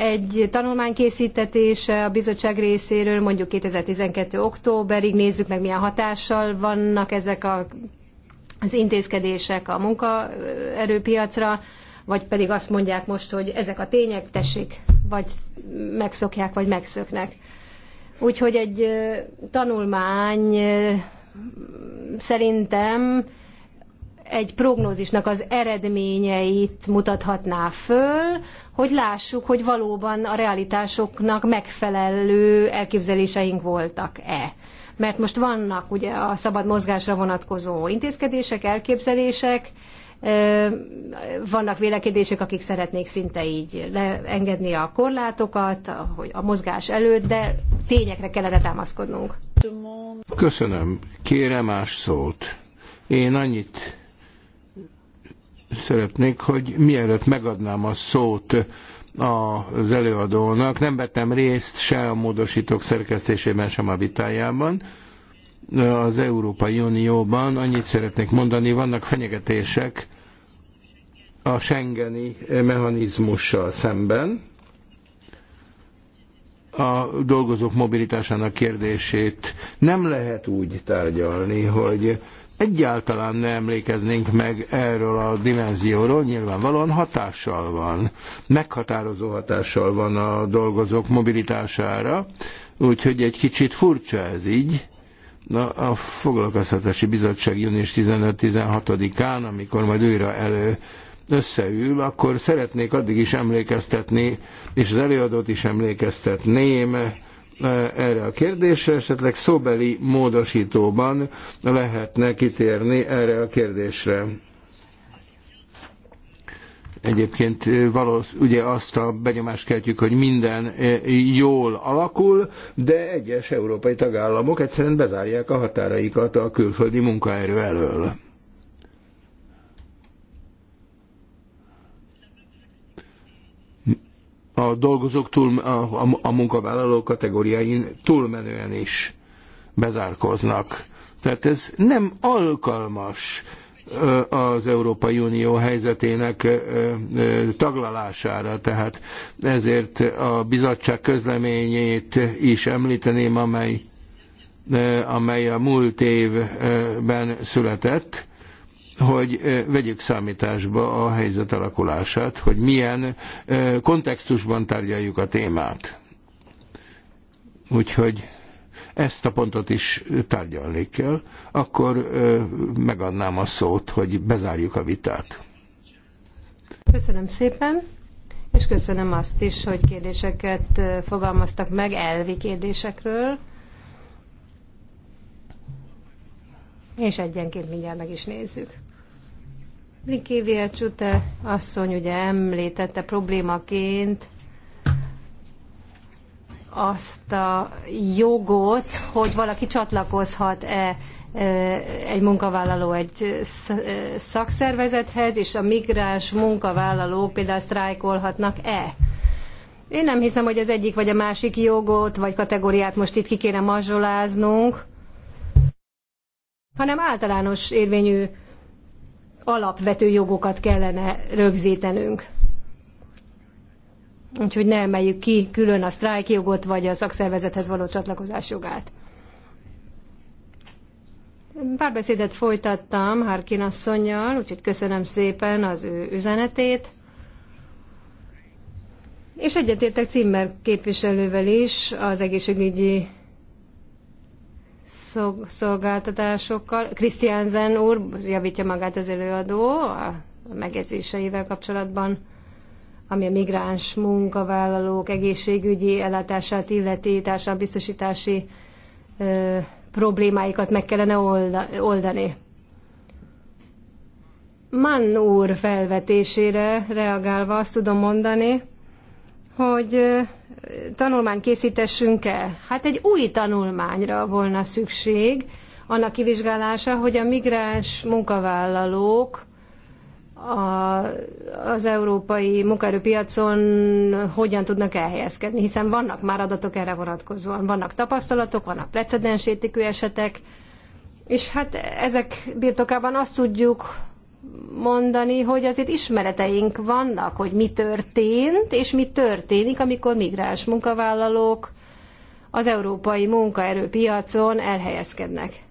egy tanulmány készítetése a bizottság részéről, mondjuk 2012. októberig, nézzük meg milyen hatással vannak ezek a, az intézkedések a munkaerőpiacra, vagy pedig azt mondják most, hogy ezek a tények, tessék, vagy megszokják, vagy megszöknek. Úgyhogy egy tanulmány szerintem egy prognózisnak az eredményeit mutathatná föl, hogy lássuk, hogy valóban a realitásoknak megfelelő elképzeléseink voltak-e. Mert most vannak ugye a szabad mozgásra vonatkozó intézkedések, elképzelések, vannak vélekedések, akik szeretnék szinte így leengedni a korlátokat, hogy a mozgás előtt, de tényekre kellene támaszkodnunk. Köszönöm. Kérem más szót. Én annyit szeretnék, hogy mielőtt megadnám a szót az előadónak, nem vettem részt se a módosítók szerkesztésében, sem a vitájában, az Európai Unióban annyit szeretnék mondani, vannak fenyegetések a Schengeni mechanizmussal szemben. A dolgozók mobilitásának kérdését nem lehet úgy tárgyalni, hogy egyáltalán ne emlékeznénk meg erről a dimenzióról, nyilvánvalóan hatással van, meghatározó hatással van a dolgozók mobilitására, úgyhogy egy kicsit furcsa ez így. Na, a Foglalkoztatási Bizottság június 15-16-án, amikor majd újra elő összeül, akkor szeretnék addig is emlékeztetni, és az előadót is emlékeztetném, erre a kérdésre, esetleg szóbeli módosítóban lehetne kitérni erre a kérdésre. Egyébként valósz, ugye azt a benyomást keltjük, hogy minden jól alakul, de egyes európai tagállamok egyszerűen bezárják a határaikat a külföldi munkaerő elől. a dolgozók túl, a, a, a munkavállalók kategóriáin túlmenően is bezárkoznak. Tehát ez nem alkalmas az Európai Unió helyzetének taglalására, tehát ezért a bizottság közleményét is említeném, amely, amely a múlt évben született, hogy vegyük számításba a helyzet alakulását, hogy milyen kontextusban tárgyaljuk a témát. Úgyhogy ezt a pontot is tárgyalni kell, akkor megadnám a szót, hogy bezárjuk a vitát. Köszönöm szépen, és köszönöm azt is, hogy kérdéseket fogalmaztak meg elvi kérdésekről. És egyenként mindjárt meg is nézzük. Rikévia Csute asszony ugye említette problémaként azt a jogot, hogy valaki csatlakozhat-e egy munkavállaló egy szakszervezethez, és a migráns munkavállalók például sztrájkolhatnak-e. Én nem hiszem, hogy az egyik vagy a másik jogot vagy kategóriát most itt ki kéne mazsoláznunk, hanem általános érvényű alapvető jogokat kellene rögzítenünk. Úgyhogy ne emeljük ki külön a sztrájkjogot vagy a szakszervezethez való csatlakozás jogát. Párbeszédet folytattam Harkin asszonynal, úgyhogy köszönöm szépen az ő üzenetét. És egyetértek Cimmer képviselővel is az egészségügyi szolgáltatásokkal. Krisztiánzen úr javítja magát az előadó a megjegyzéseivel kapcsolatban, ami a migráns munkavállalók egészségügyi ellátását illeti társadalombiztosítási ö, problémáikat meg kellene oldani. Mann úr felvetésére reagálva azt tudom mondani, hogy tanulmány készítessünk el. Hát egy új tanulmányra volna szükség, annak kivizsgálása, hogy a migráns munkavállalók a, az európai munkaerőpiacon hogyan tudnak elhelyezkedni, hiszen vannak már adatok erre vonatkozóan, vannak tapasztalatok, vannak precedensértékű esetek, és hát ezek birtokában azt tudjuk, mondani, hogy azért ismereteink vannak, hogy mi történt, és mi történik, amikor migráns munkavállalók az európai munkaerőpiacon elhelyezkednek.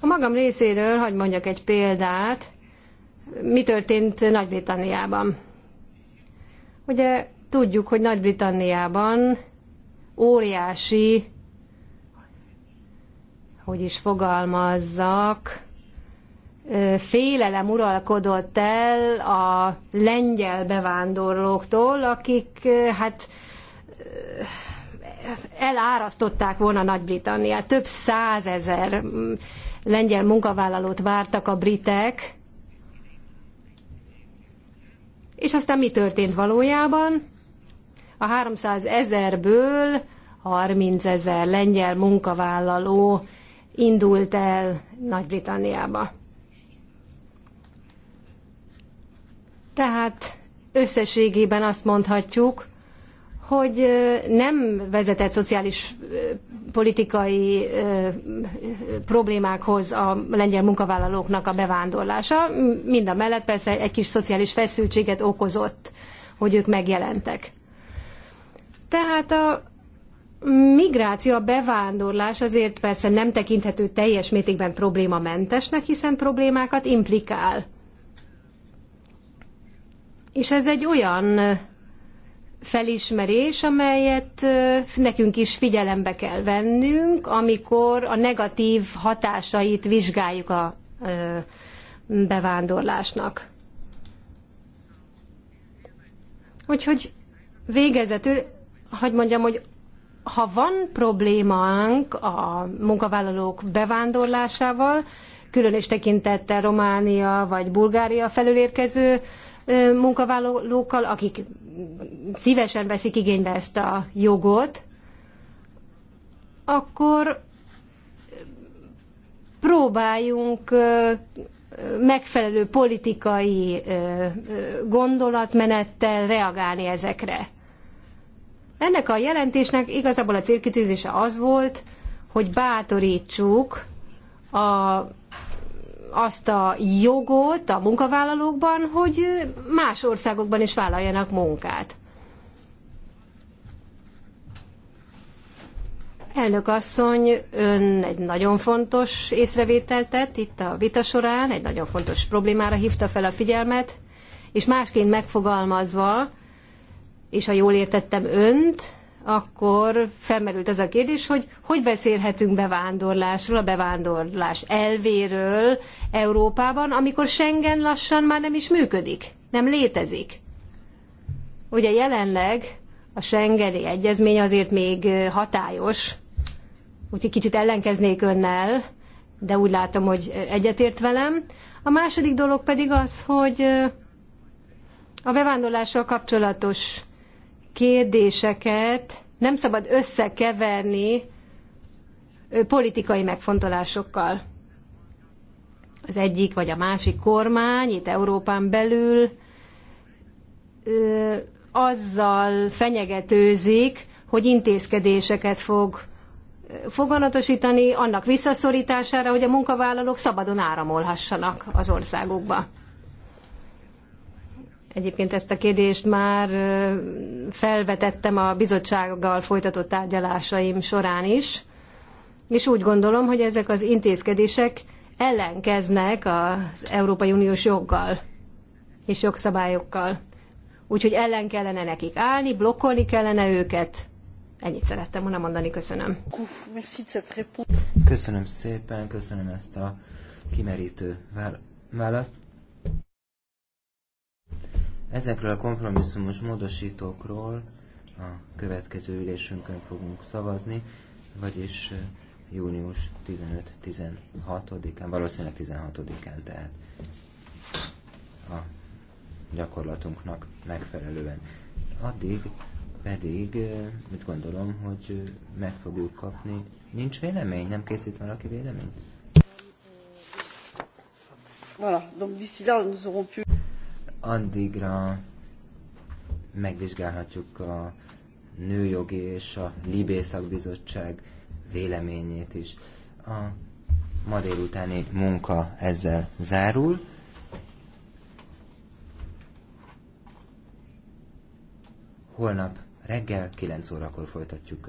A magam részéről, hogy mondjak egy példát, mi történt Nagy-Britanniában. Ugye tudjuk, hogy Nagy-Britanniában óriási hogy is fogalmazzak, félelem uralkodott el a lengyel bevándorlóktól, akik hát elárasztották volna Nagy-Britanniát. Több százezer lengyel munkavállalót vártak a britek, és aztán mi történt valójában? A 300 ezerből 30 ezer lengyel munkavállaló indult el Nagy-Britanniába. Tehát összességében azt mondhatjuk, hogy nem vezetett szociális politikai problémákhoz a lengyel munkavállalóknak a bevándorlása, mind a mellett persze egy kis szociális feszültséget okozott, hogy ők megjelentek. Tehát a migráció, a bevándorlás azért persze nem tekinthető teljes mértékben problémamentesnek, hiszen problémákat implikál. És ez egy olyan felismerés, amelyet nekünk is figyelembe kell vennünk, amikor a negatív hatásait vizsgáljuk a bevándorlásnak. Úgyhogy végezetül, hogy mondjam, hogy ha van problémánk a munkavállalók bevándorlásával, különös tekintettel Románia vagy Bulgária felől érkező munkavállalókkal, akik szívesen veszik igénybe ezt a jogot, akkor próbáljunk megfelelő politikai gondolatmenettel reagálni ezekre. Ennek a jelentésnek igazából a célkitűzése az volt, hogy bátorítsuk a, azt a jogot a munkavállalókban, hogy más országokban is vállaljanak munkát. Elnök asszony, ön egy nagyon fontos észrevételt tett itt a vita során, egy nagyon fontos problémára hívta fel a figyelmet, és másként megfogalmazva, és ha jól értettem önt, akkor felmerült az a kérdés, hogy hogy beszélhetünk bevándorlásról, a bevándorlás elvéről Európában, amikor Schengen lassan már nem is működik, nem létezik. Ugye jelenleg a Schengeni egyezmény azért még hatályos, úgyhogy kicsit ellenkeznék önnel, de úgy látom, hogy egyetért velem. A második dolog pedig az, hogy a bevándorlással kapcsolatos kérdéseket nem szabad összekeverni politikai megfontolásokkal. Az egyik vagy a másik kormány itt Európán belül azzal fenyegetőzik, hogy intézkedéseket fog foganatosítani annak visszaszorítására, hogy a munkavállalók szabadon áramolhassanak az országukba. Egyébként ezt a kérdést már felvetettem a bizottsággal folytatott tárgyalásaim során is, és úgy gondolom, hogy ezek az intézkedések ellenkeznek az Európai Uniós joggal és jogszabályokkal. Úgyhogy ellen kellene nekik állni, blokkolni kellene őket. Ennyit szerettem volna mondani, köszönöm. Köszönöm szépen, köszönöm ezt a kimerítő választ. Ezekről a kompromisszumos módosítókról a következő ülésünkön fogunk szavazni, vagyis június 15-16-án, valószínűleg 16-án, tehát a gyakorlatunknak megfelelően. Addig pedig mit gondolom, hogy meg fogjuk kapni. Nincs vélemény? Nem készít valaki véleményt? Voilà, donc d'ici là, nous aurons pu addigra megvizsgálhatjuk a Nőjogi és a Libészak Bizottság véleményét is. A ma délutáni munka ezzel zárul. Holnap reggel 9 órakor folytatjuk.